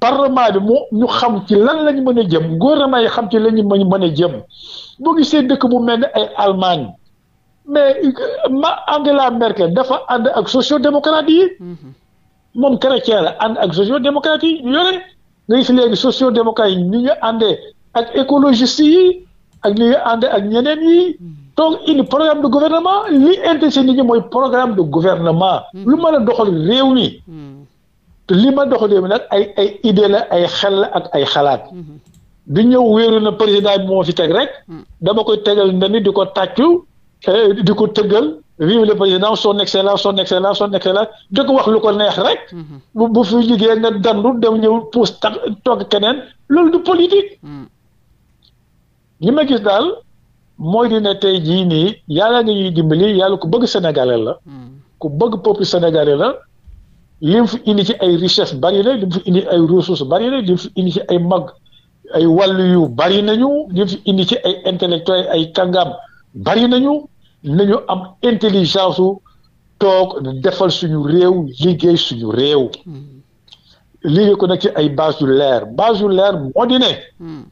parlement bi mu ñu xam ci lan lañu mën a jëm gouvernement yi xam ci lañu mën a jëm boo gisee dëkk bu mel ni ay Allemagne mais ma Angela Merkel dafa ànd ak sociaux démocrates yi mhm. moom chrétien la ànd ak sociaux démocrates yi ñu yore nga gis léegi sociaux démocrates yi ni ñu àndee ak écologistes yi ak ni ñu àndee ak ñeneen yi toog mhm. une programme de gouvernement li intéressé nit ñi mooy programme de gouvernement mhm. lu mën a doxal réew mi te li ma doxal réew mi nag ay ay idée la ay xel la ak ay xalaat du ñëw wéeru na président bi moo fi teg rek dama koy tegal na di ko tàccu Eh, di ko tëggal vive le président son excellence son excellence son excellence di ko wax lu ko neex rek. Mhm. bu bu fi liggéey nga dandu dem ñëw puus tax togg keneen loolu du politique. Mm. li ma gis daal mooy di ne tey jii nii yàlla nga ñuy dimbali yàlla ku bëgg Sénégalais la. Mm. ku bëgg peuple sénégalais la. li fi indi ci ay richesse bari na fi indi ay ressources bari na fi indi ci ay mag ay wàllu yu bari nañu fi indi ci ay intellectuels ay kàngam bari nañu nañu am intelligence su toog defal suñu réew liggéey suñu réew mm-hmm. liggéey ko ci ay base yu leer base yu leer moo di mm-hmm.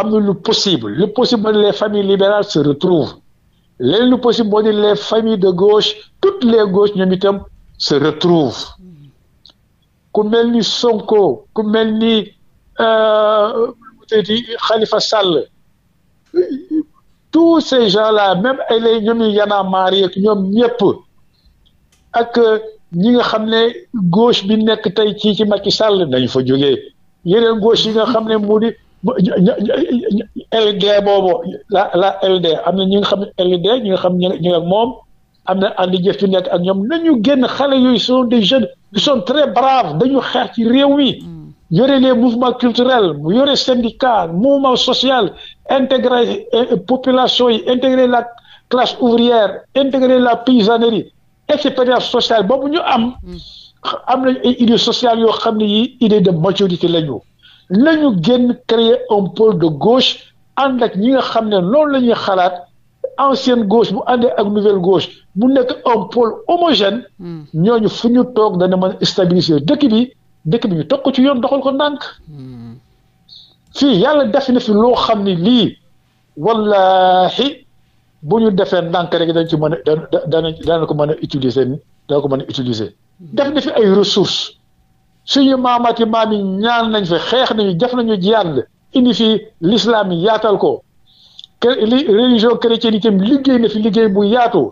am na lu possible lu possible moo di les familles libérales se retrouvent leneen lu possible moo les familles de gauche toutes les gauches ñoom itam se retrouvent mm-hmm. ku mel ni Sonko ku mel ni euh, Khalifa Sall tous ces gens-là même ay lay ñoom yi yanaa maar yeeg ñoom ñëpp ak ñi nga xam ne gauche bi nekk tey ci ci Macky Sall dañ fa jóge yeneen gauche yi nga xam ne mu di LD boobu la la LD am na ñi nga xam ne LD ñi nga xam ñu ak moom am na ànd jëf yu nekk ak ñoom nañu génn xale yooyu sont des jeunes ils sont très braves dañu xeex ci réew mi mm. yore les mouvements culturels mu yore syndicat mouvement social intégrer eh, population yi intégrer la classe ouvrière intégrer la paysannerie expérience sociale boobu ñu am mm. am nañu ay idée sociale yoo xam ne yi idée de maturité la ñu nañu génn créer un pôle de gauche ànd ak ñi nga xam ne loolu la ñuy xalaat ancienne gauche bu àndee ak nouvelle gauche bu nekk un pôle homogène mm. ñooñu fu ñu toog dana mën stabiliser dëkk bi dëkk bi ñu teg ko ci yoon doxal ko ndànk fii hmm. yàlla def na fi loo xam ne lii wallahi bu ñu defee ndànk rek dañ ci mën a dana dana ko mën a utiliser dana ko mën a utiliser hmm. def na fi ay ressources suñu maamaati maam yi ñaan nañ fi xeex nañu def nañu jiyaan indi fi l'islam yi yaatal ko li religion chrétienne itam liggéey na fi liggéey bu yaatu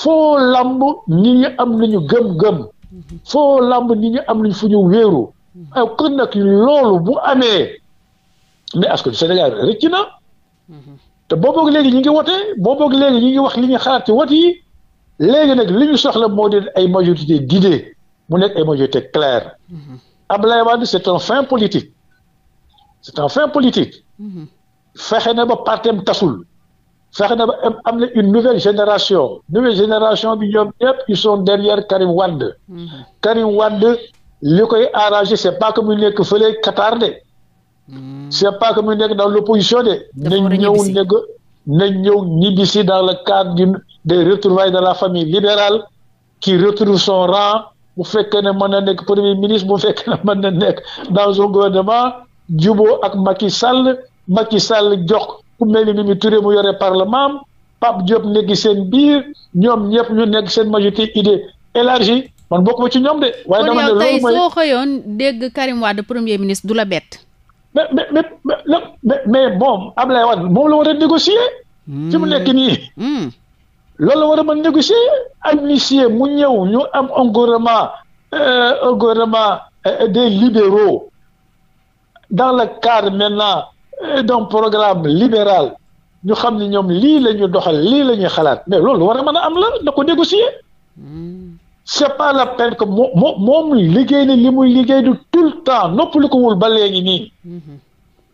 foo lamb ñi ñu am nañu gëm-gëm foo làmb nit ñi am nañ fu ñu wéeru mm-hmm. ay kon nag loolu bu amee mais askan Sénégal rëcc na mm-hmm. te booboog léegi ñu ngi wote booboog léegi ñu ngi wax li ñu xalaat ci wote yi léegi nag li ñu soxla moo di ay majorité guidée mu nekk ay majorité claire mm-hmm. Abdoulaye Wade c'est un fin politique c'est un fin politique fexe na ba partem tasul fexe na ba am na une nouvelle génération nouvelle génération bi ñoom ñëpp ils sont derrière Karim Wade. Mm-hmm. Karim wand li koy arrangé c'est pas que mu nekk fële Qatar de. Mm-hmm. c'est pas que mu nekk dans l'opposition de. nañ ñëw nekk nañ ñëw ñibbisi dans le cadre du des retrouvailles de la famille libérale qui retrouve son rang bu fekkee ne mën na nekk premier ministre bu fekkee ne mën na nekk dans un gouvernement jubo ak Macky Sall Macky Sall jox. ku mel ni Mimi Touré mu yore parlement am Pape Diop seen biir ñoom ñëpp ñu nekk seen majorité idée élargie man bokkuma ci ñoom de. waaye dama ne loolu mooy kon yow tey soo xëyoon dégg Karim Wade du la bett. mais mais mais mais bon Ablaye moom la war a négocier. fi mu nekk nii. Hmm. loolu la war a mën négocier amnistie mu ñëw ñu am un gouvernement euh, un gouvernement euh, des libéraux dans le cadre maintenant Euh, d'un programme libéral ñu xam ne ñoom lii la ñu doxal lii la ñuy xalaat mais loolu war a mën a am la na ko négocier c'est pas la peine que moo moo moom liggéey ni li muy liggéey du tout le temps noppalikuwul ba léegi nii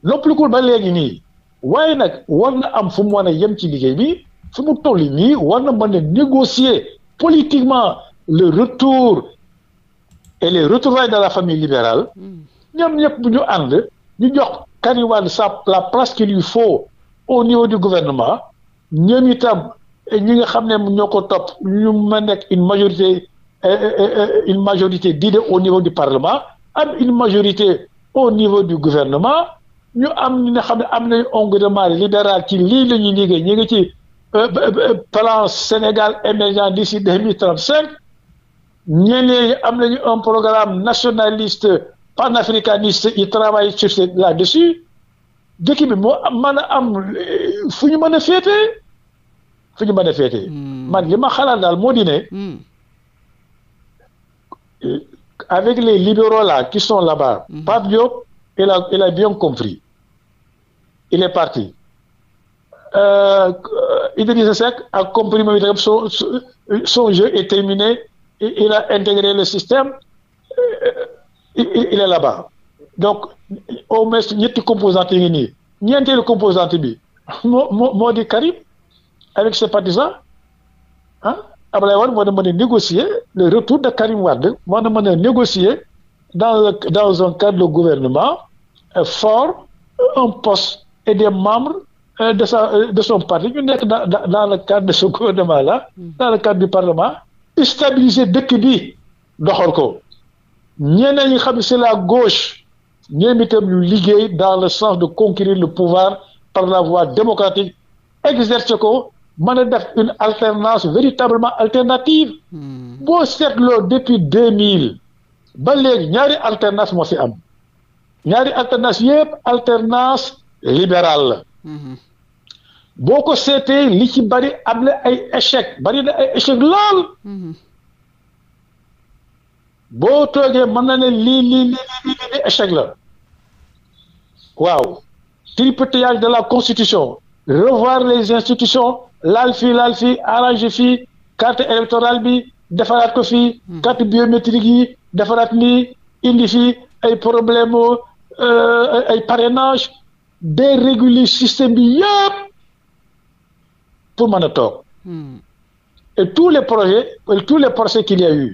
noppalikuwul ba léegi nii waaye nag war na am fu mu mën a yem ci liggéey bi fu mu toll nii war na mën a négocier politiquement le retour et les retrouvailles de la famille libérale mm. ñoom ñëpp bu ñu ànd ñu jox Karim Wade sa la place qu'il lui faut au niveau du gouvernement ñoom itam ñi nga xam ne ñoo ko topp ñu mën nekk une majorité euh, euh, euh, une majorité d'idées au niveau du parlement am une majorité au niveau du gouvernement ñu am ñi nga xam ne am nañu ongle de marée libéral ci lii ñu ngi ci plan Sénégal émergent d'ici deux mille trente cinq ñeneen am nañu un programme nationaliste panafricaniste yi travaille sur ce là-dessus dëkk bi moo am a am euh, fu ñu mën a féetee fu ñu mën a hmm. man li ma xalaat daal moo di ne. Hmm. Euh, avec les libéraux là qui sont là-bas. Mm. il a bien compris il est parti. Euh, Idrissa Seck a compris moom itam son son jeu est terminé il a intégré le système. Euh, il, il est là-bas donc au moins ñetti composante yi ngi nii ñeenteelu composante bi moo moo moo di Karim avec ses partisans ah moo na mën a négocier le retour de Karim Wade moo na mën a négocier dans le, dans un cadre de gouvernement fort un poste et des membres euh, de sa euh, de son parti ñu nekk dans dans le cadre de ce gouvernement là mm. dans le cadre du parlement stabiliser dëkk bi doxal ko ñeneen ñi xam si la gauche ñoom lu ñu liggéey dans le sens de conquérir le pouvoir par la voie démocratique exercer ko mën a def une alternance véritablement alternative hmm. boo seetloo depuis deux mille ba léegi ñaari alternance moo si am ñaari alternance yëpp alternance libérale la hmm. boo ko seetee li ci bari am na ay échec bari na ay échec lool hmm. boo toogee mën na ne lii lii lii lii lii la waaw tripatouillage de la constitution revoir les institutions laal fii laal fii arranger fii carte électorale bi defaraat ko fii hmm. carte biométrique yi defaraat ni indi fii ay problème euh, ay parrainage déréguler système bi yëpp pour mën a toog hmm. et tous les projets et tous les procès qu'il y a eu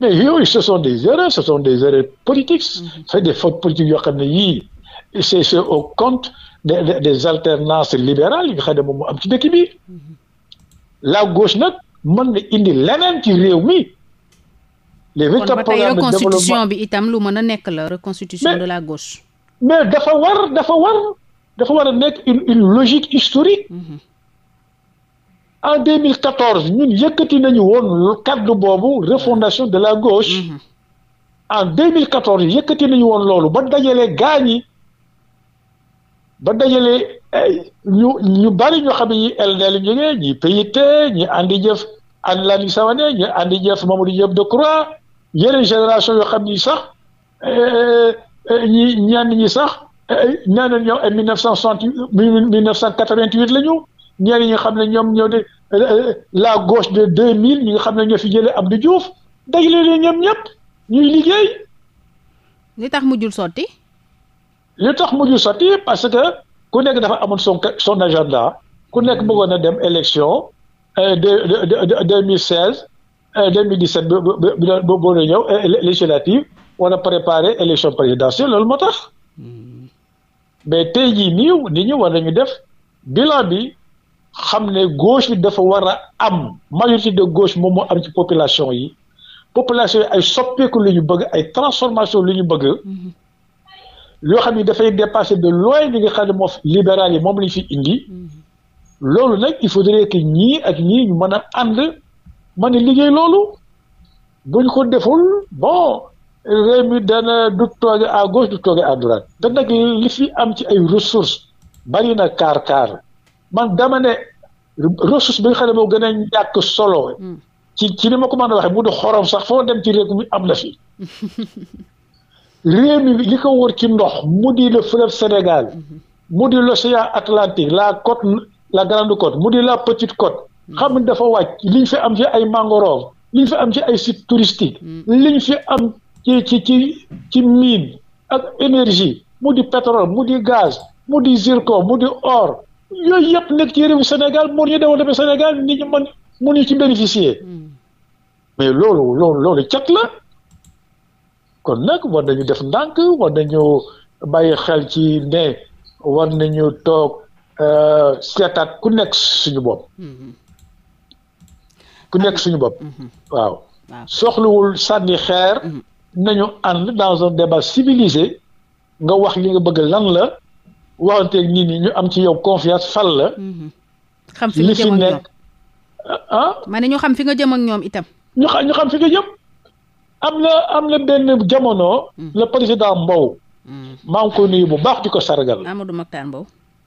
mais yooyu ce sont des erreurs ce sont des erreurs politiques mhm. c'est des fautes politiques yoo xam ne yii c'est c'est au compte des des, des alternances libérales yi nga xam am ci dëkk bi mhm. la gauche nag man na indi leneen ci réew mi. les véritable programme de développement reconstitution bi itam lu mën a nekk la reconstitution de la gauche. mais dafa war dafa war dafa war a nekk une une logique historique. Mhm. en 2014 ñun yëkkati nañu woon cadre boobu refondation de la gauche. Mhm. en 2014 yëkkati nañu woon loolu ba dajale gaañi ba dajale eh, ñu bari ñu xam ñi LDL ñu jógee ñi PIT ñi andi jëf ànd Landing Savané ñi andi jëf Mamadou Diop Decroix yeneen génération yoo xam ni sax eh, eh, ñi ñaan ñi sax ñaanal ñoom ay mille neuf cent soixante mille neuf cent quatre-vingt-huit la ñu. ñenn ñi xam ne ñoom ñoo de euh, la gauche de deux mille ñi nga xam ne ñoo fi jëlee Abdou Diouf dajale leen ñoom ñëpp ñuy liggéey. li tax mujjul sotti. li tax mujjul sotti parce que ku nekk dafa amoon son son agenda ku nekk hmm. bëggoon na dem élection euh, de deux mille seize euh, deux mille dix sept bi bi boo ñëw législative wala préparer élection présidentielle loolu moo tax hmm. mais tey jii nii nit ñi war nañu def bilan bi. xam ne gauche yi dafa war a am majorité de gauche moom moo am ci population yi population yi ay soppeeku lu ñu bëgg ay transformation lu ñu bëgg yoo xam ne dafay dépasser de loin li nga xam ne moom libéral yi moom la ñu fi indi loolu nag il faudrait que ñii ak ñii mën a ànd mën a liggéey loolu buñ ko deful bon réew mi dana du tooge à gauche du tooge à droite te li fi am ci ay ressources bari na kaar kaar man dama ne ressource bi nga xam ne moo gën a ñàkk solo. Hmm. ci ci ni ma ko mën a waxee mu du xorom sax foo dem ci réew mi am na fi. réew mi li ko wër ci ndox mu di le fleuve Sénégal. Hmm. mu di l'océan Atlantique la côte la grande côte mu la petite côte. Hmm. xam ne dafa wàcc liñ fi am ci ay mangrove liñ fi am ci ay sites touristiques. liñ fi am ci ci ci ci mine ak énergie mu di pétrole mu di gaz mu di zircon mu di or yooyu yëpp nekk ci réewu Sénégal moo ñu développé Sénégal nit ñi mën mënuñu ci bénéficier hmm. mais loolu loolu loolu cat la kon nag war nañu def ndànk war nañu bàyyi xel ci ne war nañu toog euh, seetaat ku nekk suñu bopp hmm. ku nekk suñu bopp hmm. waaw soxlawul sànni xeer nañu ànd dans un débat civilisé nga wax li nga bëgg lan la waxanteeg nit ñu am ci yow confiance fal la. Mhm. Ah? xam fi nga jëm ak li fi nekk ah. ñu xam fi nga jëm ñoom itam. ñu xam ñu fi nga jëm. am na am na benn jamono. Mm. le président Mbow. Mm. maa ngi ko nuyu bu baax di ko sargal. Amadou Mokhtar Mbow.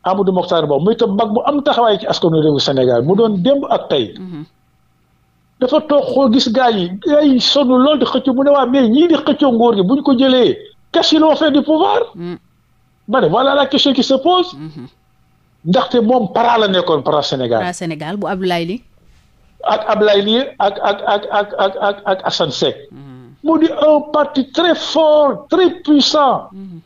Amadou Mokhtar Mbow muy tam mag mu am taxawaay ci askanu réewu Sénégal mu doon démb ak tey. Mm-hmm. dafa toog xoo gis gaa yi gaa yi sonn lool di xëccoo mu ne waa mais ñii di xëccoo ngóor gi bu ñu ko jëlee qu'est-ce qu'ils ont fait pouvoir. Mm. ma ne voilà la question qui se pose. Mhm. ndaxte moom para la nekkoon para Sénégal. para Sénégal bu Abdoulaye Ly. ak Abdoulaye Ly ak ak ak ak ak ak ak Assane Seck. Mhm. mu di un parti très fort mhm.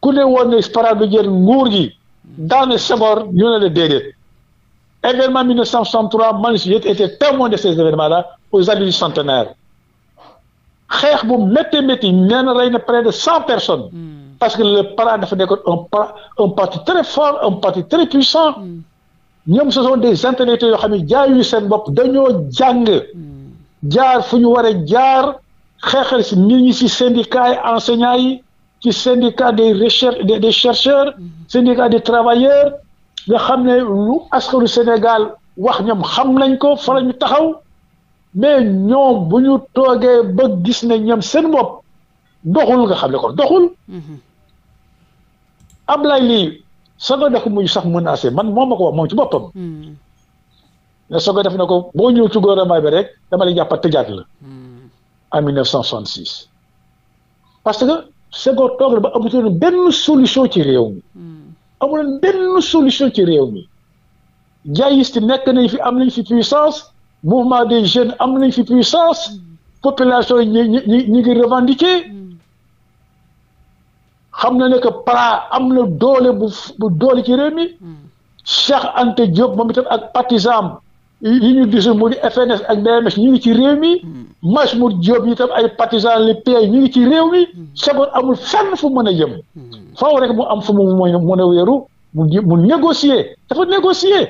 ku ne woon ne para du jël gi. daane Senghor ñu ne la déedéet. événement 1963 man j'étais de ces événements aux années du centenaire. xeex bu méttee métti nee na rey na près de cent personnes. Hmm. parce que le PARA dafa nekkoon un pa un parti très fort un parti très puissant. Hmm. ñoom ce sont des intellectuels yoo xam ne jaayuñu seen bopp dañoo jàng. Hmm. jaar fu ñu war a jaar xeexal si nit si syndicat yi enseignants yi ci syndicat des recherche des chercheurs. syndicat des travailleurs. nga xam ne lu askanu Sénégal wax ñoom xam nañ ko fa la ñu taxaw. mais ñoom bu ñu toogee ba gis ne ñoom seen bopp doxul nga xam ne kon doxul. Mm-hmm. Ablaye lii soog a def muy sax menacé man moom ma ko wax moom ci boppam. Mm-hmm. ne soog a def na ko boo ñëw ci gouvernement bi rek dama lay jàpp tëjaat la. Mm-hmm. en 1966. parce que Senghor toog la ba amutoon benn solution ci réew mi. amuloon benn solution ci réew mi. jaayiste nekk nañ fi am nañ fi puissance. mouvement des jeunes am nañ fi puissance mm. population yi ñu ñu ñu ngi revendiquer mm. xam na ne que PRA am na doole bu bu doole ci réew mi mm. Cheikh Anta Diop moom tam ak partisan yi ñu gisul mu di FNS ak DMS ñu ngi ci réew mi Majmout Diop yi tam ay partisan li PAY ñu ngi ci réew mi Senghor amul fenn fu mën a jëm faaw rek mu am fu mu mën a wéeru mu mu négocier dafa négocier.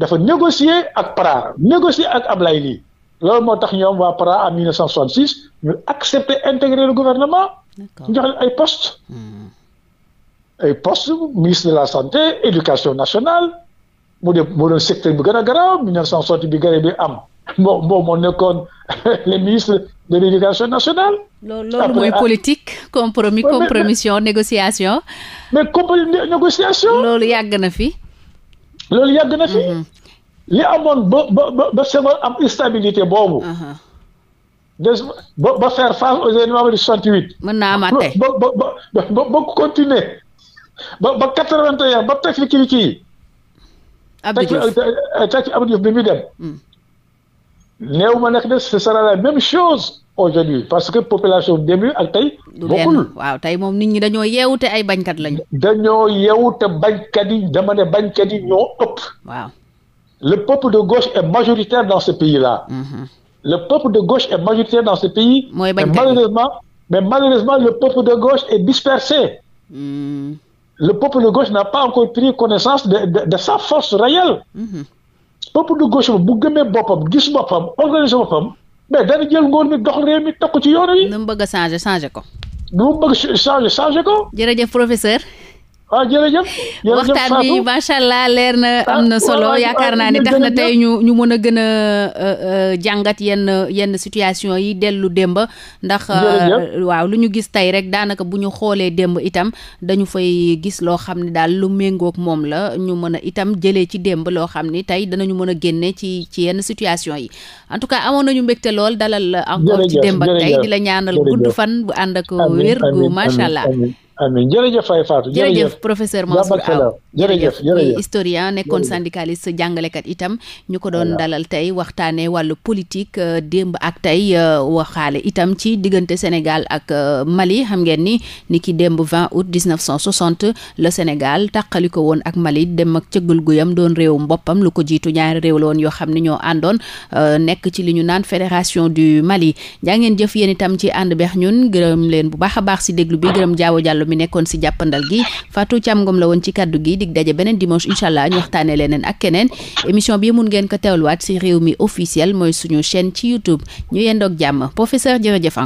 dafa négocier ak PRA négocier ak Ablaye lii loolu moo tax ñoom waa PRA en 1966 ñu accepter intégrer le gouvernement. ñu jox leen ay postes. Hmm. ay postes ministre de la santé éducation nationale mu dem moo doon secteur bi gën gara garaaw 1960 bi gën bi am. moo moo nekkoon les ministres de l' éducation nationale. loolu loolu mooy ah. politique. compromis compromission négociation. mais compromis négociation. loolu yàgg na fi. loolu yàgg na fi. Mhm. li amoon ba ba am instabilité boobu. des ba ba faire face aux événements de 68. mën naa amaatee ba ba ba ba ba continuer ba ba 81 ba teg fi kii kii. bi muy dem. Mm. néew ma nekk de ce la même chose. aujourd'hui parce que population début ak tey. waaw tey moom nit ñi dañoo yeewu te ay bañkat lañu. dañoo yeewu te bañkat yi dama ne bañkat yi ñoo ëpp. waaw le peuple de gauche est majoritaire dans ce pays là. Mm-hmm. le peuple de gauche est majoritaire dans ce pays. mooy bañkat mais malheureusement mais malheureusement le peuple de gauche est dispersé. Mm. le peuple de gauche n'a pas encore pris connaissance de de, de sa force réelle. Mm-hmm. peuple de gauche bu gëmee boppam gis boppam organiser boppam. mais dana jël nguur mi dox réew mi teg ko ci yoon yi. nu mu bëgg a changer ko. nu mu bëgg changer ko. jërëjëf professeur. waaw ah, jërëjëf waxtaan bi macha allah leer na ah, am na solo yaakaar naa ne tax na tey ñu ñu mën a gën a euh, euh, jàngat yenn yenn situation yi dellu démb ndax euh, waaw lu ñu gis tey rek daanaka bu ñu xoolee démb itam dañu fay gis loo xam ne daal lu méngook moom la ñu mën a itam jëlee ci démb loo xam ni tey danañu mën a génne ci ci yenn situation yi en tout cas amoon nañu mbégte lool dalal encore ci démb ak tey di la ñaanal gudd fan bu ànd ak wér gu macha allah amiin jërëjëf Faye Fatou jërëjëf professeur Mansour Aw jërëjëf nekkoon historien nekkoon jàngalekat itam ñu ko doon dalal tey waxtaane wàllu politique euh, démb ak tey euh, waxaale itam ci diggante Sénégal ak euh, Mali xam ngeen ni ni ki démb 20 août 1960 le Sénégal tàqali ko woon ak Mali dem ak cëggal guyam doon réewum boppam lu ko jiitu ñaari réew la woon yoo xam ne ñoo àndoon nekk ci li ñu naan fédération du Mali jaa ngeen jëf yéen itam ci ànd beex ñun gërëm leen bu baax baax si déglu mi nekkoon si jàppandal gi Fatou Thiam Ngom la woon ci kaddu gi dig daje beneen dimanche incha allah ñu waxtaane leneen ak keneen émission bi mun ngeen ko teewluwaat si réew mi officiel mooy suñu chaîne ci YouTube ñu yendoog jàmm professeur jërëjëf